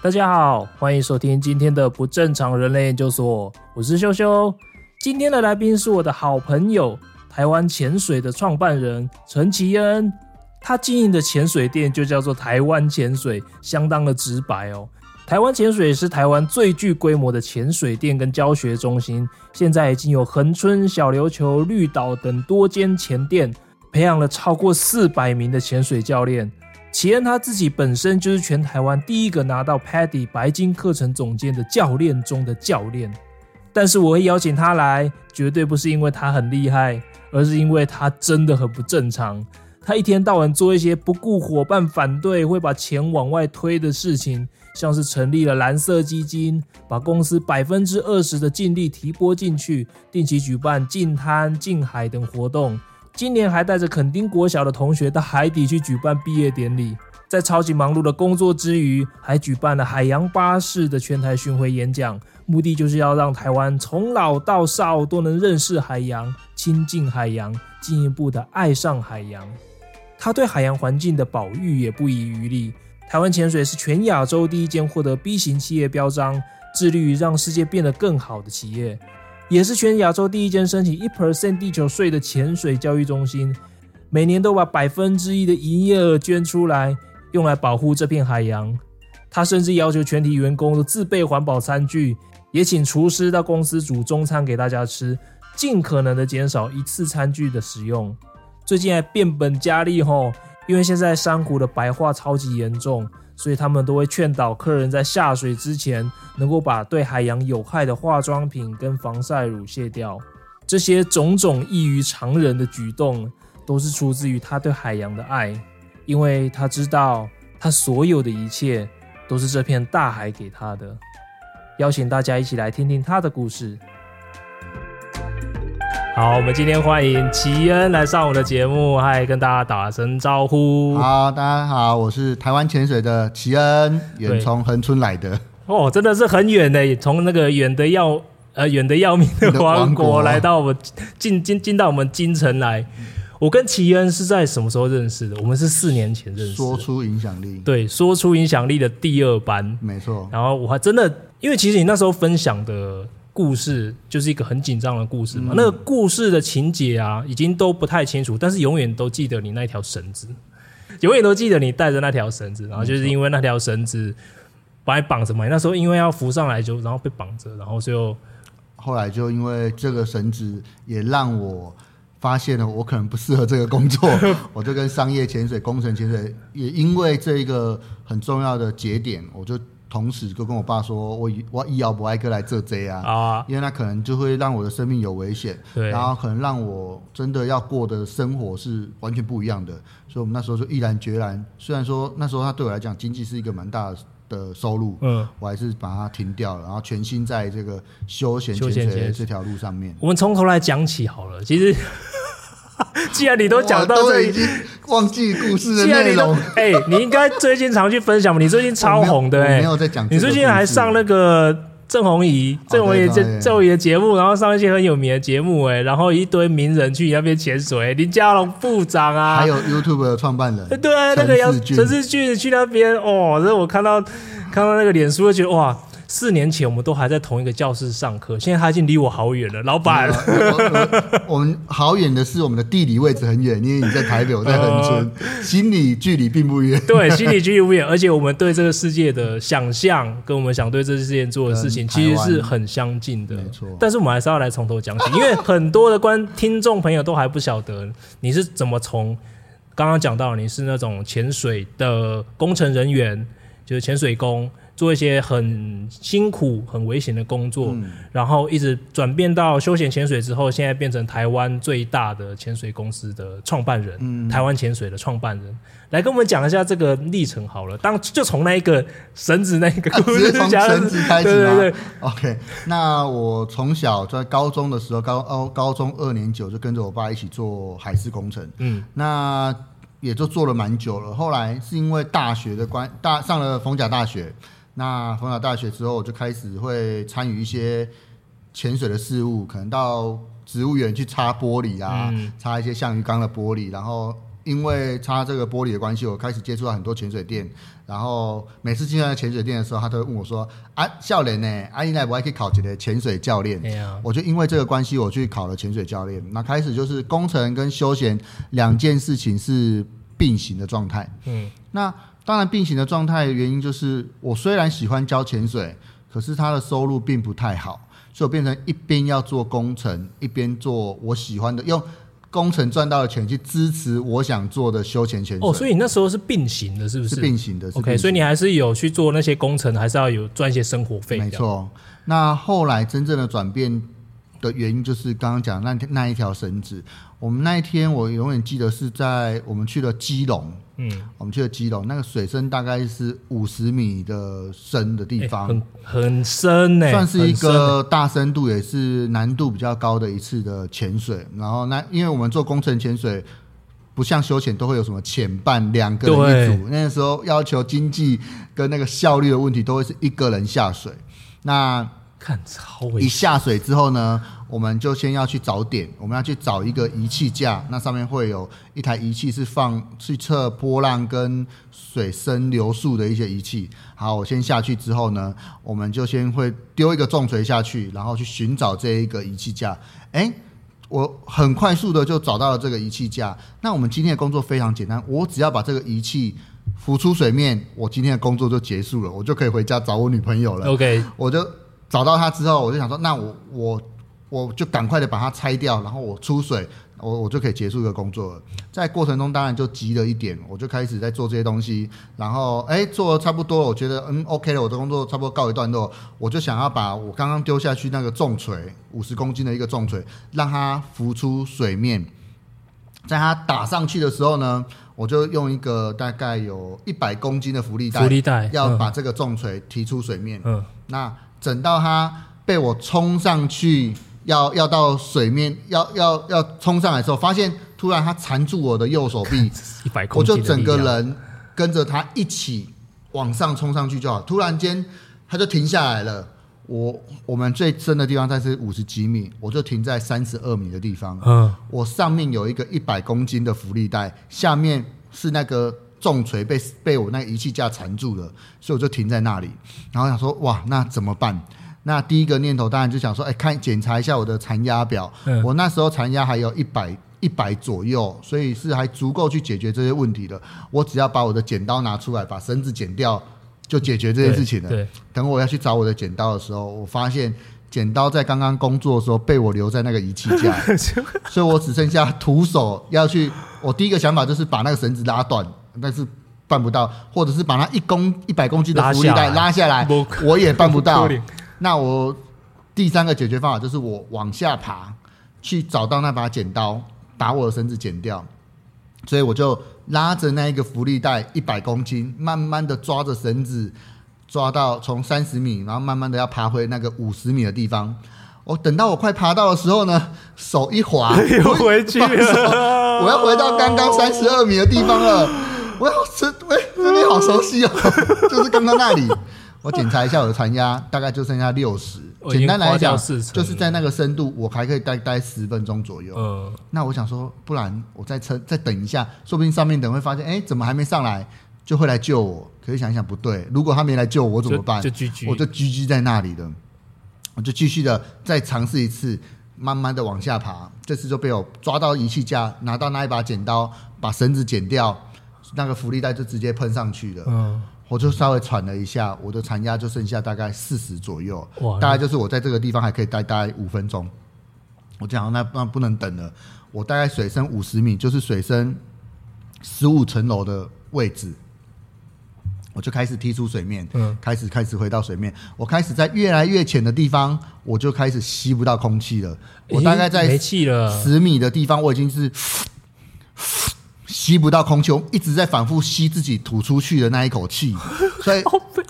大家好，歡迎收聽今天的不正常人類研究所，我是秀秀，今天的來賓是我的好朋友，台灣潛水的創辦人陳琦恩。他經營的潛水店就叫做台灣潛水，相當的直白哦。台灣潛水是台灣最具規模的潛水店跟教學中心，現在已經有恆春、小琉球、綠島等多間潛店，培養了超過四百名的潛水教練。琦恩他自己本身就是全台灣第一個拿到 PADI 白金課程總監的教練中的教練，但是我會邀請他來，絕對不是因為他很厲害，而是因為他真的很不正常。他一天到晚做一些不顧伙伴反對、會把錢往外推的事情，像是成立了藍色基金，把公司百分之二十的淨利提撥進去，定期舉辦淨灘、淨海等活動。今年還帶着墾丁國小的同學到海底去舉辦畢業典禮，在超級忙碌的工作之餘，還舉辦了海洋巴士的全台巡迴演講，目的就是要讓台灣從老到少都能認識海洋、親近海洋，進一步的愛上海洋。他對海洋環境的保育也不遺餘力。台灣潛水是全亞洲第一間獲得 B 型企業標章，致力於讓世界變得更好的企業。也是全亞洲第一間申請一 percent 地球稅的潛水教育中心，每年都把百分之一的營業額捐出來，用來保護這片海洋。他甚至要求全體員工都自備環保餐具，也請廚師到公司煮中餐給大家吃，盡可能的減少一次餐具的使用。最近還變本加厲吼。因為現在珊瑚的白化超級嚴重，所以他們都會勸導客人在下水之前能夠把對海洋有害的化妝品跟防曬乳卸掉。這些種種異於常人的舉動，都是出自於他對海洋的愛。因為他知道，他所有的一切都是這片大海給他的。邀請大家一起來聽聽他的故事。好，我們今天歡迎琦恩來上我的節目，嗨，跟大家打聲招呼。好，大家好，我是台灣潛水的琦恩，遠從恆春來的。哦，真的是很遠的，從那個遠的要呃遠的要命的王國來到我們進進進到我們京城來。我跟琦恩是在什麼時候認識的？我們是四年前認識的。說出影響力。對，說出影響力的第二班，沒錯錯。然後我還真的，因為其實你那時候分享的。故事就是一個很緊張的故事嘛，嗯、那個故事的情節啊，已經都不太清楚，但是永遠都記得你那條繩子，永遠都記得你帶着那條繩子，然後就是因為那條繩子把你綁着嘛，沒錯 那時候因為要浮上來就，然後被綁着，然後就後來就因為這個繩子也讓我發現了我可能不適合這個工作， 我就跟商業潛水、工程潛水也因為這一個很重要的節點，我就。同時，就跟我爸說，我以我以後不會再來做這個啊，啊，因為那可能就會讓我的生命有危險，對，然後可能讓我真的要過的生活是完全不一樣的。所以我們那時候就毅然決然，雖然說那時候他對我來講，經濟是一個蠻大的收入，嗯，我還是把它停掉了，然後全心在這個休閒潛水這條路上面。我們從頭來講起好了，其實、嗯。嗯既然你都講到這，都已經忘記故事的內容。哎、欸，你應該最近常去分享嘛？你最近超紅的哎、欸，沒有，沒有在講、欸。你最近還上那個鄭弘儀、鄭弘儀節、鄭弘儀的節目，然後上一些很有名的節目哎、欸，然後一堆名人去你那邊潛水，林佳龍部長啊，還有 YouTube 的創辦人，對啊，那個姚陳士駿，俊去那邊哦，所以我看到看到那個臉書，覺得哇。四年前，我們都還在同一個教室上課，現在他已經離我好遠了。老闆了，嗯，我們好遠的是我們的地理位置很遠，因為你在台北，我在恆春，呃、心理距離並不遠。對，心理距離不遠，而且我們對這個世界的想象，嗯、跟我們想對這個世界做的事情，其實是很相近的。沒錯，但是我們還是要來從頭講起，因為很多的觀 聽眾朋友都還不曉得你是怎麼從剛剛講到你是那種潛水的工程人員，就是潛水工。做一些很辛苦、很危險的工作，嗯、然後一直轉變到休閒潛水之後，現在變成台灣最大的潛水公司的創辦人，嗯、台灣潛水的創辦人，來跟我們講一下這個歷程好了。當就從那一個繩子那一個、啊、方 繩子開始嗎？對，對，對 o、okay, k 那我從小在高中的時候，高高高中二年級就跟着我爸一起做海事工程，嗯，那也就做了蠻久了。後來是因為大學的關大上了逢甲大學。那逢甲大學之後，我就開始會參與一些潛水的事務，可能到植物園去擦玻璃啊，嗯、擦一些像魚缸的玻璃。然後因為擦這個玻璃的關係，我開始接觸到很多潛水店。然後每次進到潛水店的時候，他都會問我說：“啊，教練呢？阿姨來不？還可以考級個潛水教練。嗯”我就因為這個關係，我去考了潛水教練。那開始就是工程跟休閒兩件事情是並行的狀態。嗯，那。當然，並行的狀態原因就是，我雖然喜歡教潛水，可是他的收入並不太好，所以我變成一邊要做工程，一邊做我喜歡的，用工程賺到的錢去支持我想做的休閒潛水。哦，所以你那時候是並行的，是不是？是並行的。行的 OK，所以你還是有去做那些工程，還是要有賺一些生活費。沒錯。那後來真正的轉變的原因，就是剛剛講那那一條繩子。我們那一天，我永遠記得是在我們去了基隆。嗯，我們去了基隆，那個水深大概是五十米的深的地方，欸、很很深呢，欸，深欸，算是一個大深度，也是難度比較高的一次的潛水。然後那因為我們做工程潛水，不像休潛都會有什麼潛伴兩個人一組，對那時候要求經濟跟那個效率的問題，都會是一個人下水。那超危險！一下水之後呢，我們就先要去找點，我們要去找一個儀器架，那上面會有一台儀器是放去測波浪跟水深流速的一些儀器。好，我先下去之後呢，我們就先會丟一個重錘下去，然後去尋找這一個儀器架。哎、欸，我很快速的就找到了這個儀器架。那我們今天的工作非常簡單，我只要把這個儀器浮出水面，我今天的工作就結束了，我就可以回家找我女朋友了。OK，我就。找到它之後，我就想說，那我我我就趕快的把它拆掉，然後我出水，我我就可以結束一個工作了。在過程中，當然就急了一點，我就開始在做這些東西。然後，哎、欸，做差不多，我覺得嗯，OK 了，我的工作差不多告一段落，我就想要把我剛剛丟下去那個重錘，五十公斤的一個重錘，讓它浮出水面。在它打上去的時候呢，我就用一個大概有一百公斤的浮力袋，浮力袋要把這個重錘提出水面。嗯，那。整到他，被我衝上去，要要到水面，要要要衝上來的時候發現，突然他纏住我的右手臂，我就整個人跟着他一起往上衝上去，就好，突然間他就停下來了。我我們最深的地方才是五十幾米，我就停在三十二米的地方。嗯，我上面有一個一百公斤的浮力袋，下面是那個。重錘被被我那儀器架纏住了，所以我就停在那裡。然後想說，哇，那怎麼辦？那第一個念頭當然就想說，哎、欸，看檢查一下我的殘壓表。嗯、我那時候殘壓還有一百一百左右，所以是還足夠去解決這些問題的。我只要把我的剪刀拿出來，把繩子剪掉，就解決這些事情了。對，等我要去找我的剪刀的時候，我發現剪刀在剛剛工作的時候被我留在那個儀器架， 所以我只剩下徒手要去。我第一個想法就是把那個繩子拉斷。但是辦不到，或者是把那一公一百公斤的浮力袋拉下來，下來我也辦不到。那我第三個解決方法就是我往下爬，去找到那把剪刀，把我的繩子剪掉。所以我就拉着那一個浮力袋一百公斤，慢慢的抓着繩子，抓到從三十米，然後慢慢的要爬回那個五十米的地方。我等到我快爬到的時候呢，手一滑，我又回去了、啊，我要回到剛剛三十二米的地方了。 我好熟，喂，這裡好熟悉哦，喔， 就是剛剛那裡。我檢查一下我的殘壓， 大概就剩下六十。簡單來講，就是在那個深度，我還可以待待十分鐘左右。那我想說，不然我再撐，再等一下，說不定上面等會發現，哎，欸，怎麼還沒上來，就會來救我。可是想一想，不對，如果他沒來救我，我怎麼辦？就就我就 GG 在那裡了，我就繼續的再嘗試一次，慢慢的往下爬。這次就被我抓到儀器架，拿到那一把剪刀，把繩子剪掉。那個浮力袋就直接噴上去了，嗯，我就稍微喘了一下，我的殘壓就剩下大概四十左右，哇 大概就是我在這個地方還可以待大概五分鐘。我講那那不能等了，我大概水深五十米，就是水深十五層樓的位置，我就開始踢出水面，嗯、開始開始回到水面。我開始在越來越淺的地方，我就開始吸不到空氣了。我大概在十米的地方，我已經是。吸不到空氣，我一直在反覆吸自己吐出去的那一口氣，所以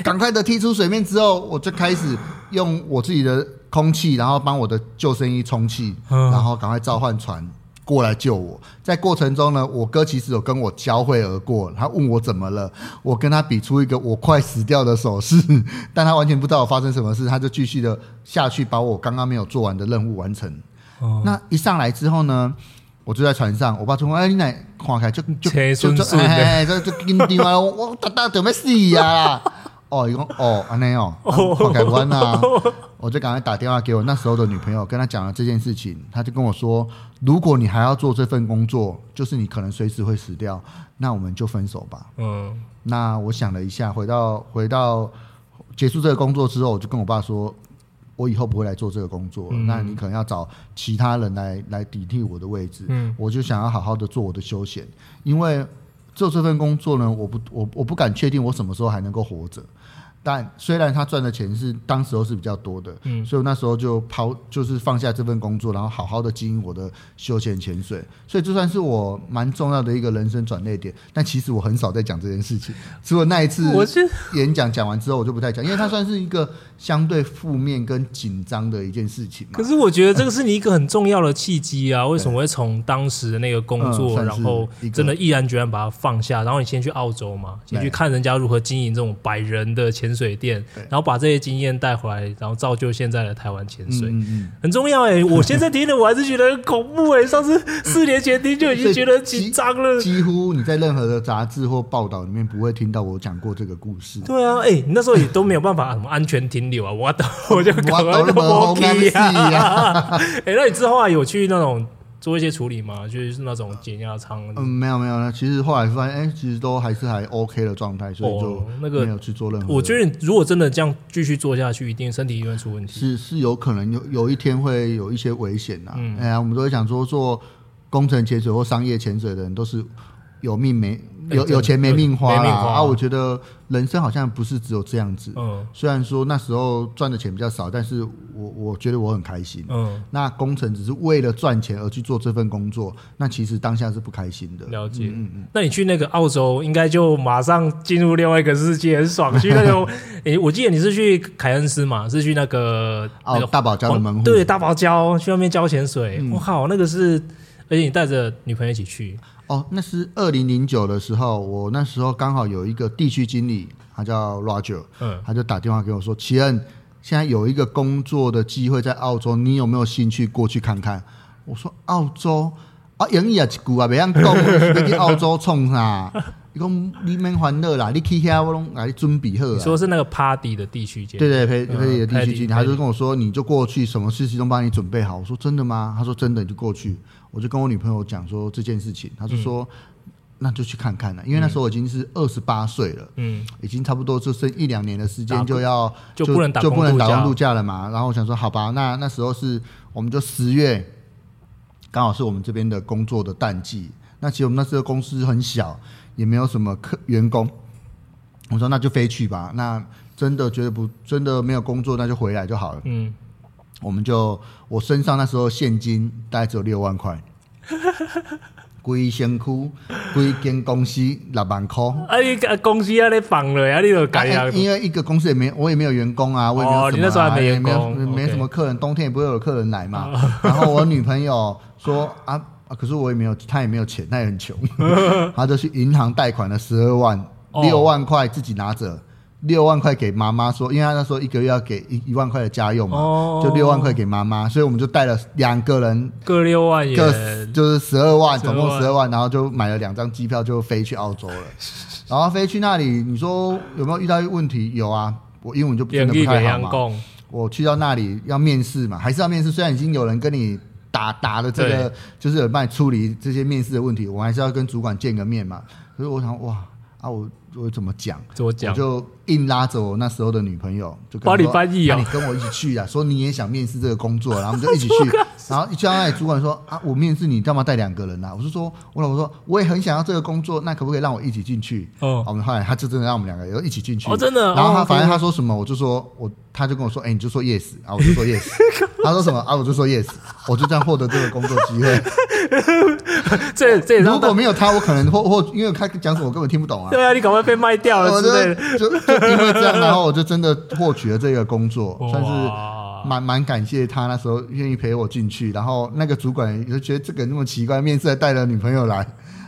趕快的踢出水面之後，我就開始用我自己的空氣，然後幫我的救生衣充氣，然後趕快召喚船過來救我。在過程中呢，我哥其實有跟我交匯而過，他問我怎麼了，我跟他比出一個我快死掉的手勢，但他完全不知道我發生什麼事，他就繼續的下去把我剛剛沒有做完的任務完成。那一上來之後呢？我就在船上，我爸就哎、欸、你看來看開就就就哎這這叮叮，順順欸欸、話我大大怎麼死呀、 哦！哦伊講哦安尼哦，快拐彎吶！來 我就趕快打電話給我那時候的女朋友，跟她講了這件事情。她就跟我說：“如果你還要做這份工作，就是你可能隨時會死掉，那我們就分手吧。”嗯，那我想了一下，回到回到結束這個工作之後，我就跟我爸說。我以後不會來做這個工作了，嗯，那你可能要找其他人來來頂替，替我的位置。嗯，我就想要好好的做我的休閒，因為做這份工作呢，我不我我不敢確定我什麼時候還能夠活着。但雖然他賺的錢是當時候是比較多的，嗯、所以我那時候就拋，就是放下這份工作，然後好好的經營我的休閒潛水。所以這算是我蠻重要的一個人生轉捩點。但其實我很少在講這件事情，只有那一次演講講完之後，我就不太講，因為它算是一個相對負面跟緊張的一件事情。可是我覺得這個是你一個很重要的契機啊！嗯、為什麼會從當時的那個工作，對嗯、然後真的毅然決然把它放下，然後你先去澳洲嘛？你去看人家如何經營這種百人的潛。潛水店，然後把這些經驗帶回來，然後造就現在的台灣潛水。嗯嗯嗯很重要哎、欸。我現在聽的我還是覺得很恐怖哎、欸，上次四年前聽就已經覺得緊張了、嗯幾。幾乎你在任何的雜誌或報道裡面不會聽到我講過這個故事。對啊，哎、欸，你那時候也都沒有辦法什麼安全停留啊，我我， 我就搞了哎，那你之後啊有去那種？做一些處理嘛，就是那種減壓艙。嗯，沒有沒有，那其實後來發現，哎、欸，其實都還是還 OK 的狀態，所以就沒有去做任何、哦那個。我覺得如果真的這樣繼續做下去，一定身體一定會出問題。是是有可能有有一天會有一些危險吶、啊。哎呀、嗯欸啊，我們都會想說，做工程潛水或商業潛水的人都是有命沒。有有錢沒命花，沒命花啊！啊，我覺得人生好像不是只有這樣子。嗯，雖然說那時候賺的錢比較少，但是我我覺得我很開心。嗯，那工程只是為了賺錢而去做這份工作，那其實當下是不開心的。了解。嗯嗯。嗯，那你去那個澳洲，應該就馬上進入另外一個世界，很爽去。去 那個，哎、欸，我記得你是去凱恩斯嘛？是去那個、哦、那個大堡礁的門戶？對，大堡礁去那邊教潛水。我靠！嗯，那個是，而且你帶着女朋友一起去。哦，那是二零零九的時候，我那時候剛好有一個地區經理，他叫 Roger，、嗯、他就打電話給我說：“琦恩，現在有一個工作的機會在澳洲，你有沒有興趣過去看看？”我說：“澳洲啊，英語一句啊，別讓購物去澳洲衝啥， 你說你沒歡樂啦，你去聽我來尊比喝。”你說是那個 Party 的地區、嗯、經理？對對，Party 的地區經理，他就跟我說：“你就過去，什麼事情都幫你準備好。”我說：“真的嗎？”他說：“真的，你就過去。”我就跟我女朋友講說這件事情，她就說、嗯、那就去看看了，因為那時候我已經是二十八歲了，嗯，已經差不多就剩一兩年的時間就要就不，就，就不能打工度假了嘛。然後我想說好吧，那那時候是我們就十月，剛好是我們這邊的工作的淡季。那其實我們那時候公司很小，也沒有什麼客員工。我說那就飛去吧，那真的覺得不真的沒有工作，那就回來就好了。嗯。我們就我身上那時候現金大概只有六萬塊，規身軀，規間公司六萬塊。啊，一個公司那你放了呀？你就改呀、啊？因為一個公司也沒我也沒有員工啊，我也沒有什麼、啊，有沒什麼客人，Okay 冬天也不會有客人來嘛。哦、然後我女朋友說 啊，啊，可是我也沒有，她也沒有錢，她也很窮，她 就去銀行貸款了十二萬，六、哦、萬塊自己拿着。六萬塊給媽媽說，因為他那時候一個月要給一一萬塊的家用嘛，哦、就六萬塊給媽媽，所以我們就帶了兩個人，各六萬也，各就是十二萬，萬總共十二萬，然後就買了兩張機票就飛去澳洲了。 然後飛去那裡，你說有沒有遇到一個問題？有啊，我英文就真的不太好嘛。我去到那裡要面試嘛，還是要面試？雖然已經有人跟你打打了這個，對就是有人幫你處理這些面試的問題，我還是要跟主管見個面嘛。所以我想，哇。啊，我我怎麼講？怎麼講？我就硬拉着我那時候的女朋友，就跟你翻、喔啊、你跟我一起去啊， 說你也想面試這個工作，然後我們就一起去。 然後，一進來主管說啊，我面試你，你幹嘛帶兩個人呢、啊？我就說，我老婆說我也很想要這個工作，那可不可以讓我一起進去？哦，我們後來他就真的讓我們兩個人一起進去。我、哦、真的。然後他反正他說什麼，我就說我他就跟我說，哎、欸，你就說 yes，啊，我就說 yes。 他說什麼啊，我就說 yes， 我就這樣獲得這個工作機會。 這這如果沒有他，我可能或或因為他講什麼我根本聽不懂啊。對啊，你趕快被賣掉了之類的，是不是？就因為這樣，然後我就真的獲取了這個工作，哇算是。蠻蠻感謝他那時候願意陪我進去，然後那個主管也是覺得這個人那麼奇怪，面試還帶了女朋友來，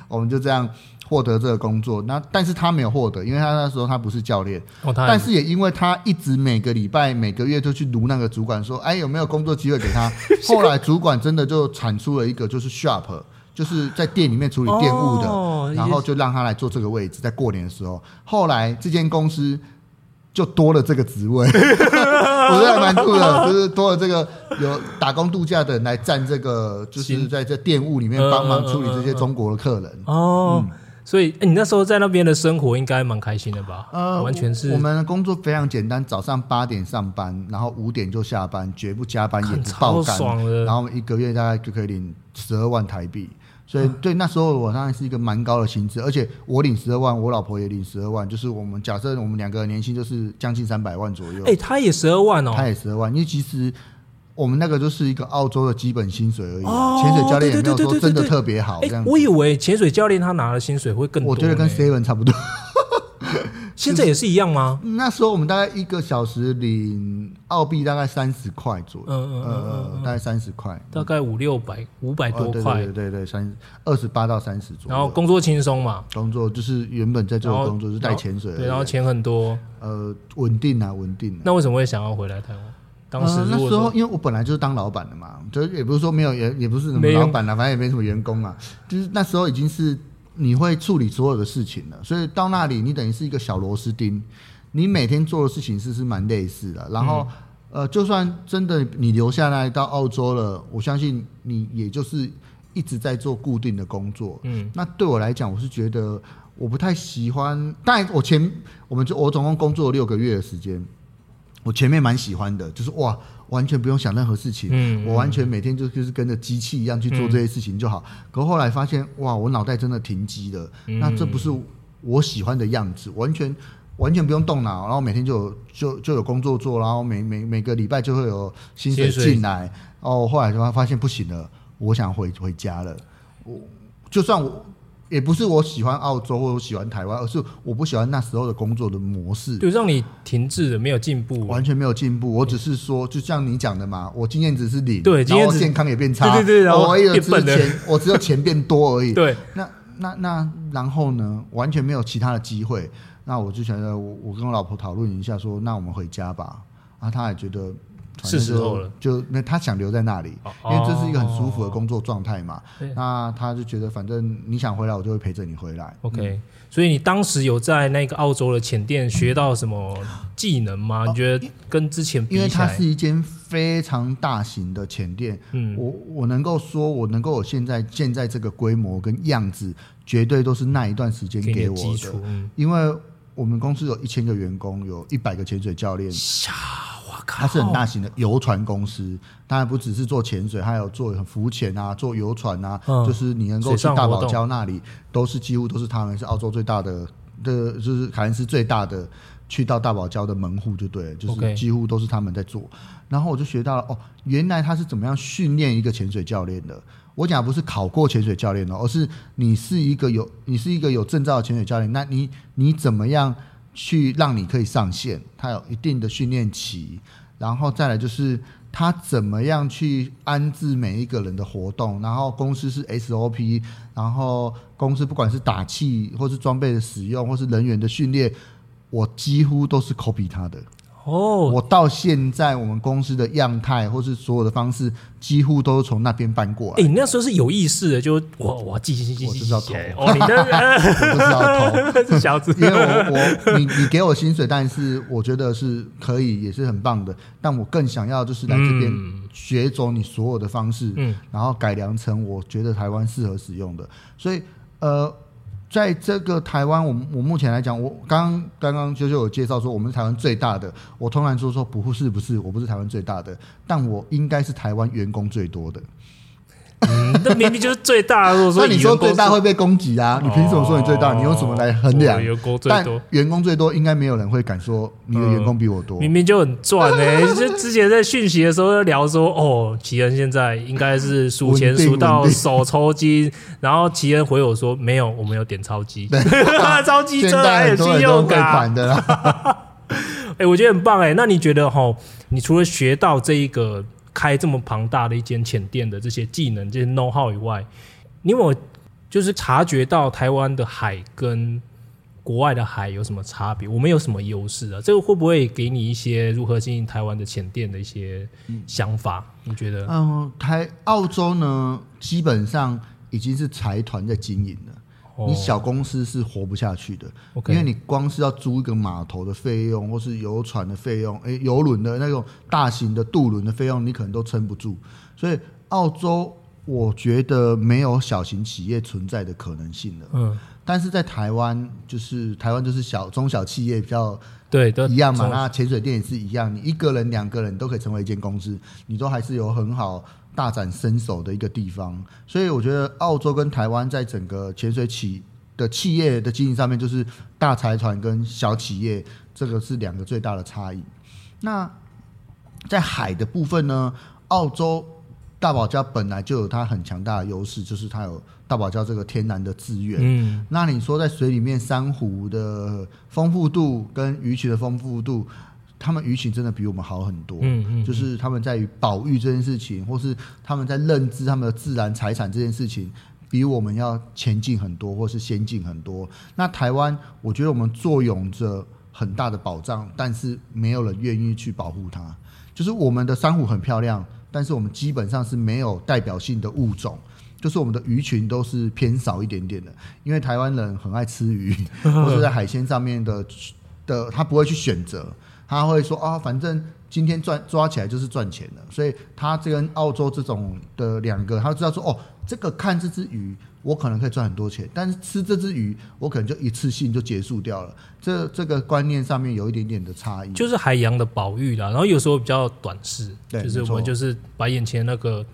我們就這樣獲得這個工作。那但是他沒有獲得，因為他那時候他不是教練，oh, 但是也因為他一直每個禮拜每個月都去盧那個主管說，哎、欸，有沒有工作機會給他？後來主管真的就產出了一個就是 shop 就是在店裡面處理店務的，oh, yes. 然後就讓他來做這個位置。在過年的時候，後來這間公司就多了這個職位。 不是還蠻酷的，就是多了這個有打工度假的人來佔這個，就是在這店鋪裡面幫忙處理這些中國的客人呃呃呃呃呃哦。嗯、所以、欸、你那時候在那邊的生活應該蠻開心的吧？呃，完全是。我們的工作非常簡單，早上八點上班，然後五點就下班，絕不加班，也不爆肝。爽，然後一個月大概就可以領十二萬台幣。所以對、啊、那時候我當然是一個蠻高的薪資，而且我領十二萬，我老婆也領十二萬，就是我們假設我們兩個年薪就是將近三百萬左右。哎、欸，他也十二萬哦。他也十二萬，因為其實我們那個就是一個澳洲的基本薪水而已。潛、哦、水教練也沒有說真的特別好，這樣對對對對對、欸。我以為潛水教練他拿的薪水會更多。欸，我覺得跟 s a v i nSavin 差不多。現在也是一樣嗎、？ 就是？那時候我們大概一個小時領。澳幣大概三十塊左右，嗯嗯嗯，呃、嗯嗯大概三十塊，嗯、大概五六百，五百多塊，對對對三二十八到三十左右。然後工作輕鬆嘛，工作就是原本在做的工作，是帶潛水，對，然後錢很多，呃，穩定啊，穩定、啊。那為什麼會想要回來台灣？當時、呃、那時候，因為我本來就是當老闆的嘛，就也不是說沒有，也也不是什麼老闆啊，沒用，反正也沒什麼員工啊，就是那時候已經是你會處理所有的事情了，所以到那裡你等於是一個小螺絲釘。你每天做的事情是是蠻類似的，然後，嗯、呃，就算真的你留下來到澳洲了，我相信你也就是一直在做固定的工作。嗯，那對我來講，我是覺得我不太喜歡。當然，我前我們就我總共工作了六個月的時間，我前面蠻喜歡的，就是哇，完全不用想任何事情，嗯嗯、我完全每天就就是跟着機器一樣去做這些事情就好。嗯、可後來發現，哇，我腦袋真的停機了，嗯、那這不是我喜歡的樣子，完全。完全不用動腦，然後每天就有就就有工作做，然後每每每個禮拜就會有薪水進來，然後水、哦、後來就發發現不行了，我想回回家了。我就算我也不是我喜歡澳洲或我喜歡台灣，而是我不喜歡那時候的工作的模式，就讓你停滯了，沒有進步，完全沒有進步。對我只是說，就像你講的嘛，我經驗值是零對，然後健康也變差，對對,對然後我也有之我只有錢變多而已， 對。那那那然後呢？完全沒有其他的機會。那我就想說，我跟我老婆討論一下說，說那我們回家吧。啊，他也覺得是時候了，就那他想留在那裡，哦、因為這是一個很舒服的工作狀態嘛。哦、那他就覺得，反正你想回來，我就會陪着你回來。對嗯、OK，所以你當時有在那個澳洲的潛店學到什麼技能嗎？嗯、你覺得跟之前比，因為它是一間非常大型的潛店，嗯，我我能夠說，我能夠我現在現在這個規模跟樣子，絕對都是那一段時間給我的，的因為。我們公司有一千個員工，有一百個潛水教練。嚇，我靠，他是很大型的遊船公司，當然不只是做潛水，還有做浮潛啊，做遊船啊。嗯、就是你能夠去大堡礁那裡，都是幾乎都是他們是澳洲最大的的，就是凱恩斯最大的去到大堡礁的門戶就對了，就是幾乎都是他們在做。Okay 然後我就學到了哦，原來他是怎麼樣訓練一個潛水教練的。我講，不是考過潛水教練，而是你是一個有你是一個有證照的潛水教練，那你你怎麼樣去讓你可以上線？他有一定的訓練期，然後再來就是他怎麼樣去安置每一個人的活動，然後公司是 SOP，然後公司不管是打氣或是裝備的使用或是人員的訓練，我幾乎都是 copy 他的。哦，oh, 我到現在我們公司的樣態或是所有的方式，幾乎都是從那邊搬過來。哎、欸，你那時候是有意識的，就是我我記記記記投，我就是要投，因為我我你你給我薪水，但是我覺得是可以，也是很棒的。但我更想要就是來這邊學走你所有的方式，嗯、然後改良成我覺得台灣適合使用的。所以呃。在這個台灣，我我目前來講，我剛剛剛剛秀秀有介紹說，我們是台灣最大的。我突然說說不是不是，我不是台灣最大的，但我應該是台灣員工最多的。嗯、那明明就是最大，如果說，說。你說最大會被攻擊啊？你憑什麼說你最大？你用什麼來衡量？哦哦、工員工最多，員工最多，應該沒有人會敢說你的員工比我多。嗯、明明就很賺哎、欸！ 就之前在訊息的時候聊說，哦，琦恩現在應該是數錢數到手抽筋。然後琦恩回我說，沒有，我們有點鈔機。鈔機真的還有紀念版的。哎、 欸，我覺得很棒哎、欸。那你覺得齁？你除了學到這一個？開這麼龐大的一間潛店的這些技能，這些 know how 以外，你有沒有，就是察覺到台灣的海跟國外的海有什麼差別，我們有什麼優勢啊？這個會不會給你一些如何經營台灣的潛店的一些想法？嗯、你覺得？嗯、呃，台澳洲呢，基本上已經是財團在經營了。你小公司是活不下去的，哦 okay，因為你光是要租一個碼頭的費用，或是遊船的費用，哎、欸，遊輪的那種大型的渡輪的費用，你可能都撐不住。所以澳洲，我覺得沒有小型企業存在的可能性了。嗯，但是在台灣，就是台灣就是小中小企業比較對一樣嘛，那潛水店也是一樣，你一個人兩個人都可以成為一間公司，你都還是有很好。大展身手的一個地方，所以我覺得澳洲跟台灣在整個潛水企的企業的經營上面，就是大財團跟小企業，這個是兩個最大的差異。那在海的部分呢，澳洲大堡礁本來就有它很強大的優勢，就是它有大堡礁這個天然的資源。嗯，那你說在水裡面，珊瑚的豐富度跟魚群的豐富度。他們魚群真的比我們好很多，嗯嗯、就是他們在於保育這件事情，或是他們在認知他們的自然財產這件事情，比我們要前進很多，或是先進很多。那台灣，我覺得我們坐擁著很大的保障，但是沒有人願意去保護它。就是我們的珊瑚很漂亮，但是我們基本上是沒有代表性的物種，就是我們的魚群都是偏少一點點的，因為台灣人很愛吃魚，或者在海鮮上面的的他不會去選擇。他會說啊、哦，反正今天賺，抓起來就是賺錢的。所以他這跟澳洲這種的兩個，他知道說哦，這個看這隻魚，我可能可以賺很多錢，但是吃這隻魚，我可能就一次性就結束掉了。這這個觀念上面有一點點的差異，就是海洋的保育啦。然後有時候比較短視，就是我們就是把眼前那個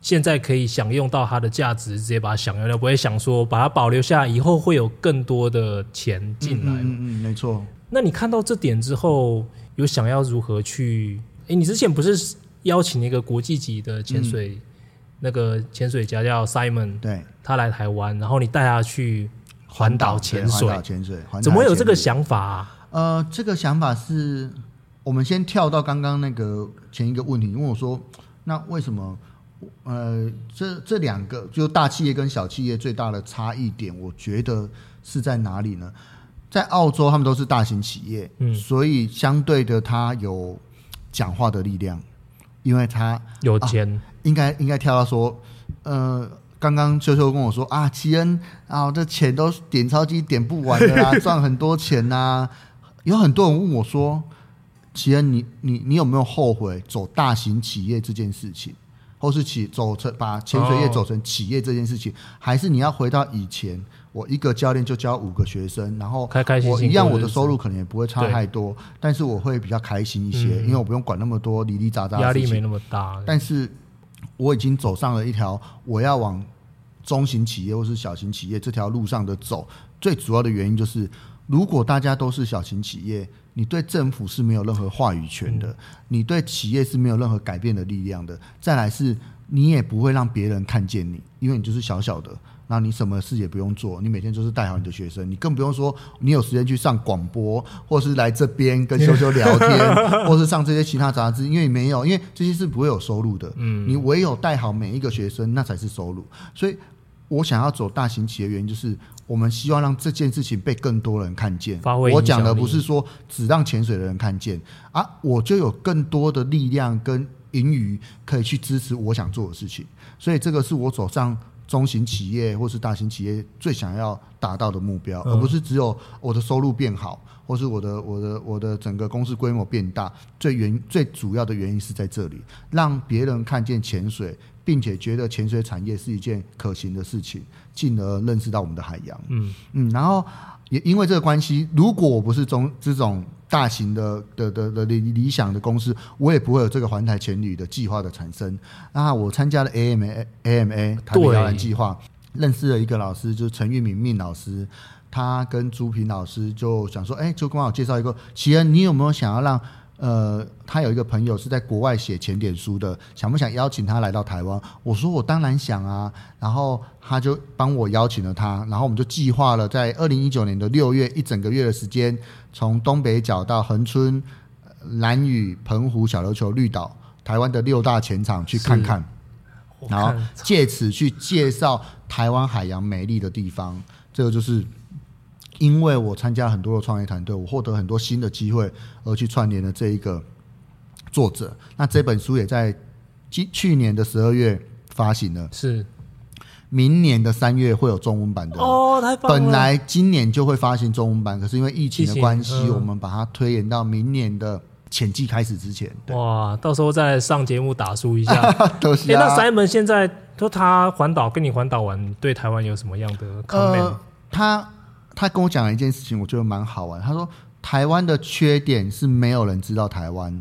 現在可以享用到它的價值，直接把它享用掉，不會想說把它保留下，以後會有更多的錢進來。嗯嗯，嗯，沒錯。那你看到這點之後，有想要如何去？欸，你之前不是邀請一個國際級的潛水，嗯，那個潛水家叫 Simon，對，他來台灣，然後你帶他去環島潛水、潛水、水怎麼會有這個想法啊？呃，這個想法是，我們先跳到剛剛那個前一個問題。因為我說，那為什麼，呃，這這兩個就大企業跟小企業最大的差異點，我覺得是在哪裡呢？在澳洲，他們都是大型企業，嗯、所以相對的，他有講話的力量，因為他有錢。啊、應該應該跳到說，嗯、呃，剛剛秋秋跟我說啊，琦恩啊，我的錢都點鈔機點不完的啊，賺 很多錢吶、啊。有很多人問我說，琦恩你，你你你有沒有後悔走大型企業這件事情，或是企走成把潛水業走成企業這件事情，哦、還是你要回到以前？我一個教練就教五個學生，然後我一樣我的收入可能也不會差太多，開開心但是我會比較開心一些，嗯、因為我不用管那麼多零零雜雜，壓力沒那麼大、欸。但是我已經走上了一條我要往中型企業或是小型企業這條路上的走，最主要的原因就是，如果大家都是小型企業，你對政府是沒有任何話語權的，嗯、的你對企業是沒有任何改變的力量的。再來是你也不會讓別人看見你，因為你就是小小的。那你什麼事也不用做，你每天就是帶好你的學生，你更不用說你有時間去上廣播，或是來這邊跟修修聊天， 或是上這些其他雜誌，因為沒有，因為這些是不會有收入的。嗯，你唯有帶好每一個學生，那才是收入。所以，我想要走大型企業，原因就是我們希望讓這件事情被更多人看見。我講的不是說只讓潛水的人看見啊，我就有更多的力量跟盈餘可以去支持我想做的事情。所以，這個是我走上中型企業或是大型企業最想要達到的目標，嗯、而不是只有我的收入變好，或是我的我的我的整個公司規模變大，最原最主要的原因是在這裡，讓別人看見潛水，並且覺得潛水產業是一件可行的事情，進而認識到我們的海洋。嗯嗯，然後也因為這個關係，如果我不是中這種。大型的的的的理理想的公司，我也不會有這個環台潛旅的計劃的產生。那我參加了 A M A A M A 台北搖籃計劃，對認識了一個老師，就是陳玉敏敏老師。他跟朱平老師就想說，哎、欸，就剛好介紹一個琦恩，其他你有沒有想要讓呃，他有一個朋友是在國外寫潛點書的，想不想邀請他來到台灣？我說我當然想啊。然後他就幫我邀請了他，然後我們就計劃了在二零一九年的六月一整個月的時間。從東北角到恆春、蘭嶼、澎湖、小琉球、綠島，台灣的六大潛場，去看看，看然後借此去介紹台灣海洋美麗的地方。這個就是因為我參加很多的創業團隊，我獲得很多新的機會，而去串聯的這一個作者。那這本書也在去年的十二月發行了。是。明年的三月會有中文版的哦。太棒了！本來今年就會發行中文版，可是因為疫情的關係，嗯、我們把它推延到明年的潛季開始之前。哇，到時候再上節目打書一下。i、啊啊欸、那 Simon 現在說他環島跟你環島玩，對台灣有什麼樣的 comment，呃、他他跟我講了一件事情，我覺得蠻好玩。他說台灣的缺點是沒有人知道台灣。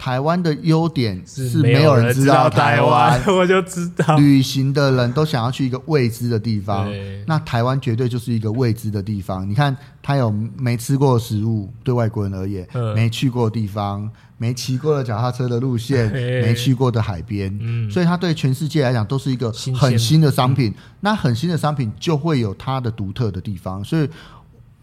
台灣的優點是沒有人知道台灣，我就知道。旅行的人都想要去一個未知的地方，對那台灣絕對就是一個未知的地方。你看，他有沒吃過的食物，對外國人而言，呵沒去過的地方，沒騎過的腳踏車的路線，呵沒去過的海邊，嗯、所以他對全世界來講都是一個很新的商品。嗯、那很新的商品就會有它的獨特的地方，所以。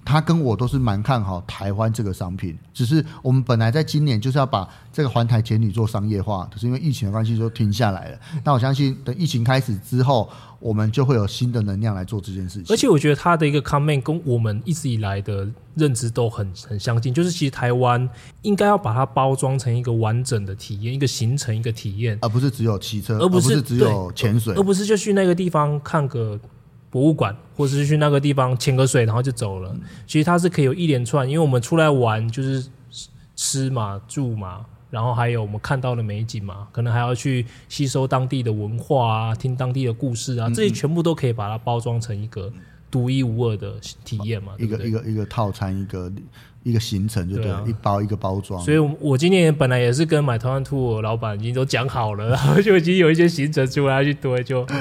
他跟我都是蠻看好台灣這個商品，只是我們本來在今年就是要把這個環台潛水做商業化，可、就是因為疫情的關係就停下來了。那我相信等疫情開始之後，我們就會有新的能量來做這件事情。而且我覺得他的一個 comment 跟我們一直以來的認知都很很相近，就是其實台灣應該要把它包裝成一個完整的體驗，一個行程，一個體驗，而不是只有汽車，而不是只有潛水，而不是就去那個地方看個。博物館，或者是去那個地方潛個水，然後就走了。其實它是可以有一連串，因為我們出來玩就是吃嘛、住嘛，然後還有我們看到的美景嘛，可能還要去吸收當地的文化啊、聽當地的故事啊，這些全部都可以把它包裝成一個獨一無二的體驗嘛，對不對？一，一個一個一個套餐一個。一個行程就對，對啊、一包一個包裝。所以，我我今年本來也是跟 My Town Tour 老闆已經都講好了， 然後就已經有一些行程出來去推。就、欸、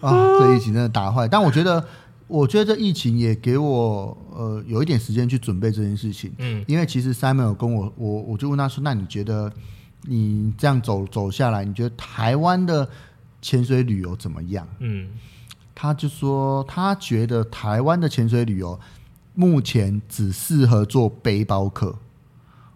啊， 這疫情真的打壞。但我覺得，我覺得這疫情也給我呃有一點時間去準備這件事情。嗯，因為其實 Simon 有跟我，我我就問他說：“那你覺得你這樣走走下來，你覺得台灣的潛水旅遊怎麼樣？”嗯，他就說他覺得台灣的潛水旅遊。目前只適合做背包客。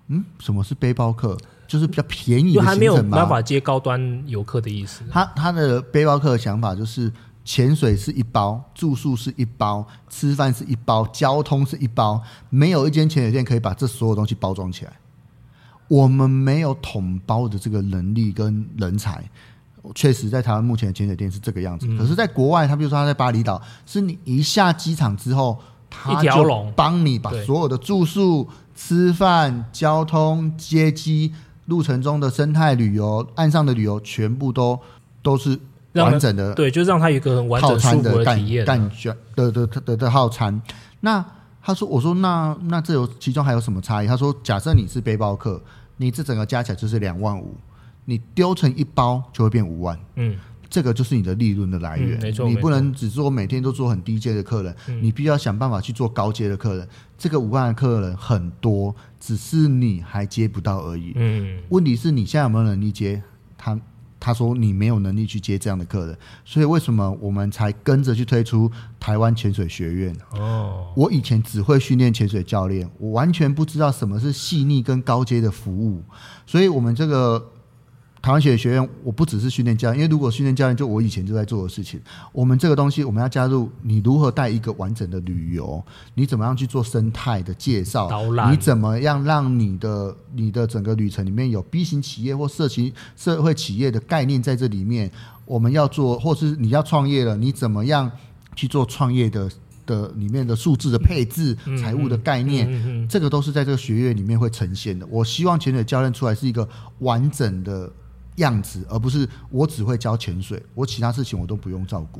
嗯，什麼是背包客？就是比較便宜，就還沒有辦法接高端遊客的意思。他他的背包客的想法就是，潛水是一包，住宿是一包，吃飯是一包，交通是一包。沒有一間潛水店可以把這所有東西包裝起來。我們沒有統包的這個能力跟人才。確實在台灣目前的潛水店是這個樣子。嗯，可是，在國外，他比如說他在巴厘島，是你一下機場之後，一條龍幫你把所有的住宿、對吃飯、交通、接機、路程中的生態旅遊、岸上的旅遊，全部都都是完整的，的。對，就讓他一個很完整的的、的體驗。的的的的套餐。那他說：“我說那那這有其中還有什麼差異？”他說：“假設你是背包客，你這整個加起來就是兩萬五，你丟成一包就會變五萬。”嗯。這個就是你的利潤的來源，嗯、沒錯。你不能只做每天都做很低階的客人，嗯、你必須要想辦法去做高階的客人。這個武漢的客人很多，只是你還接不到而已。嗯，問題是你現在有沒有能力接？他他說你沒有能力去接這樣的客人，所以為什麼我們才跟着去推出台灣潛水學院？哦，我以前只會訓練潛水教練，我完全不知道什麼是細膩跟高階的服務，所以我們這個。台灣潛水學院，我不只是訓練教練，因為如果訓練教練，就我以前就在做的事情。我們這個東西，我們要加入你如何帶一個完整的旅遊，你怎麼樣去做生態的介紹？爛你怎麼樣讓你的你的整個旅程裡面有 B 型企業或社企社會企業的概念在這裡面？我們要做，或是你要創業了，你怎麼樣去做創業的的裡面的數字的配置、財、嗯、務的概念？嗯嗯嗯嗯、這個都是在這個學院裡面會呈現的。我希望潛水教練出來是一個完整的樣子，而不是我只會教潛水，我其他事情我都不用照顧。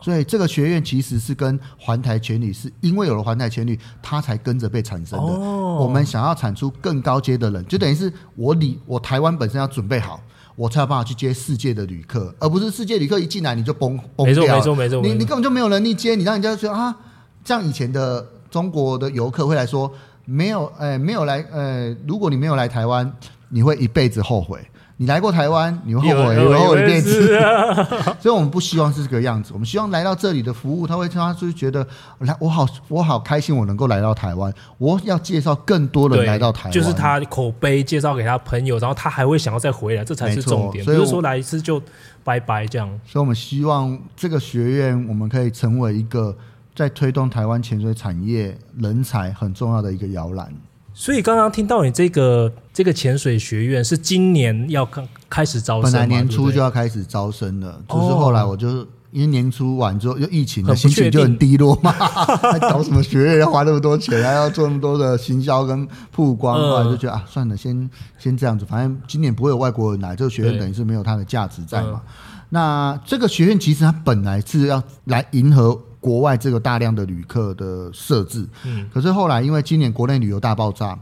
所以這個學院其實是跟環台潛旅，是因為有了環台潛旅，它才跟着被產生的。哦、我們想要產出更高階的人，就等於是我旅我台灣本身要準備好，我才有辦法去接世界的旅客，而不是世界旅客一進來你就崩崩掉沒，沒錯沒錯沒錯，你你根本就沒有能力接，你讓人家就覺得啊，這樣以前的中國的遊客會來說，沒有哎、欸、沒有來，呃、欸，如果你沒有來台灣，你會一輩子後悔。你來過台灣，你會後悔，oh,，你會後悔一輩子，所以我們不希望是這個樣子。我們希望來到這裡的服務，他會他就是覺得，來我好，我好開心，我能夠來到台灣。我要介紹更多人來到台灣，就是他口碑介紹給他朋友，然後他還會想要再回來，這才是重點。不是說來一次就拜拜這樣。所以我們希望這個學院，我們可以成為一個在推動台灣潛水產業人才很重要的一個搖籃。所以剛剛聽到你這個這個潛水學院是今年要開開始招生。本來年初就要開始招生了，哦、就是後來我就因為年初完之後又疫情了，心情就很低落嘛，確定 還搞什麼學院，要花那麼多錢， 還要做那麼多的行銷跟曝光，嗯、後來就覺得啊，算了，先先這樣子，反正今年不會有外國人來，這個學院等於是沒有它的價值在嘛。對 嗯、那這個學院其實它本來是要來迎合國外這個大量的旅客的設置，嗯，可是後來因為今年國內旅遊大爆炸。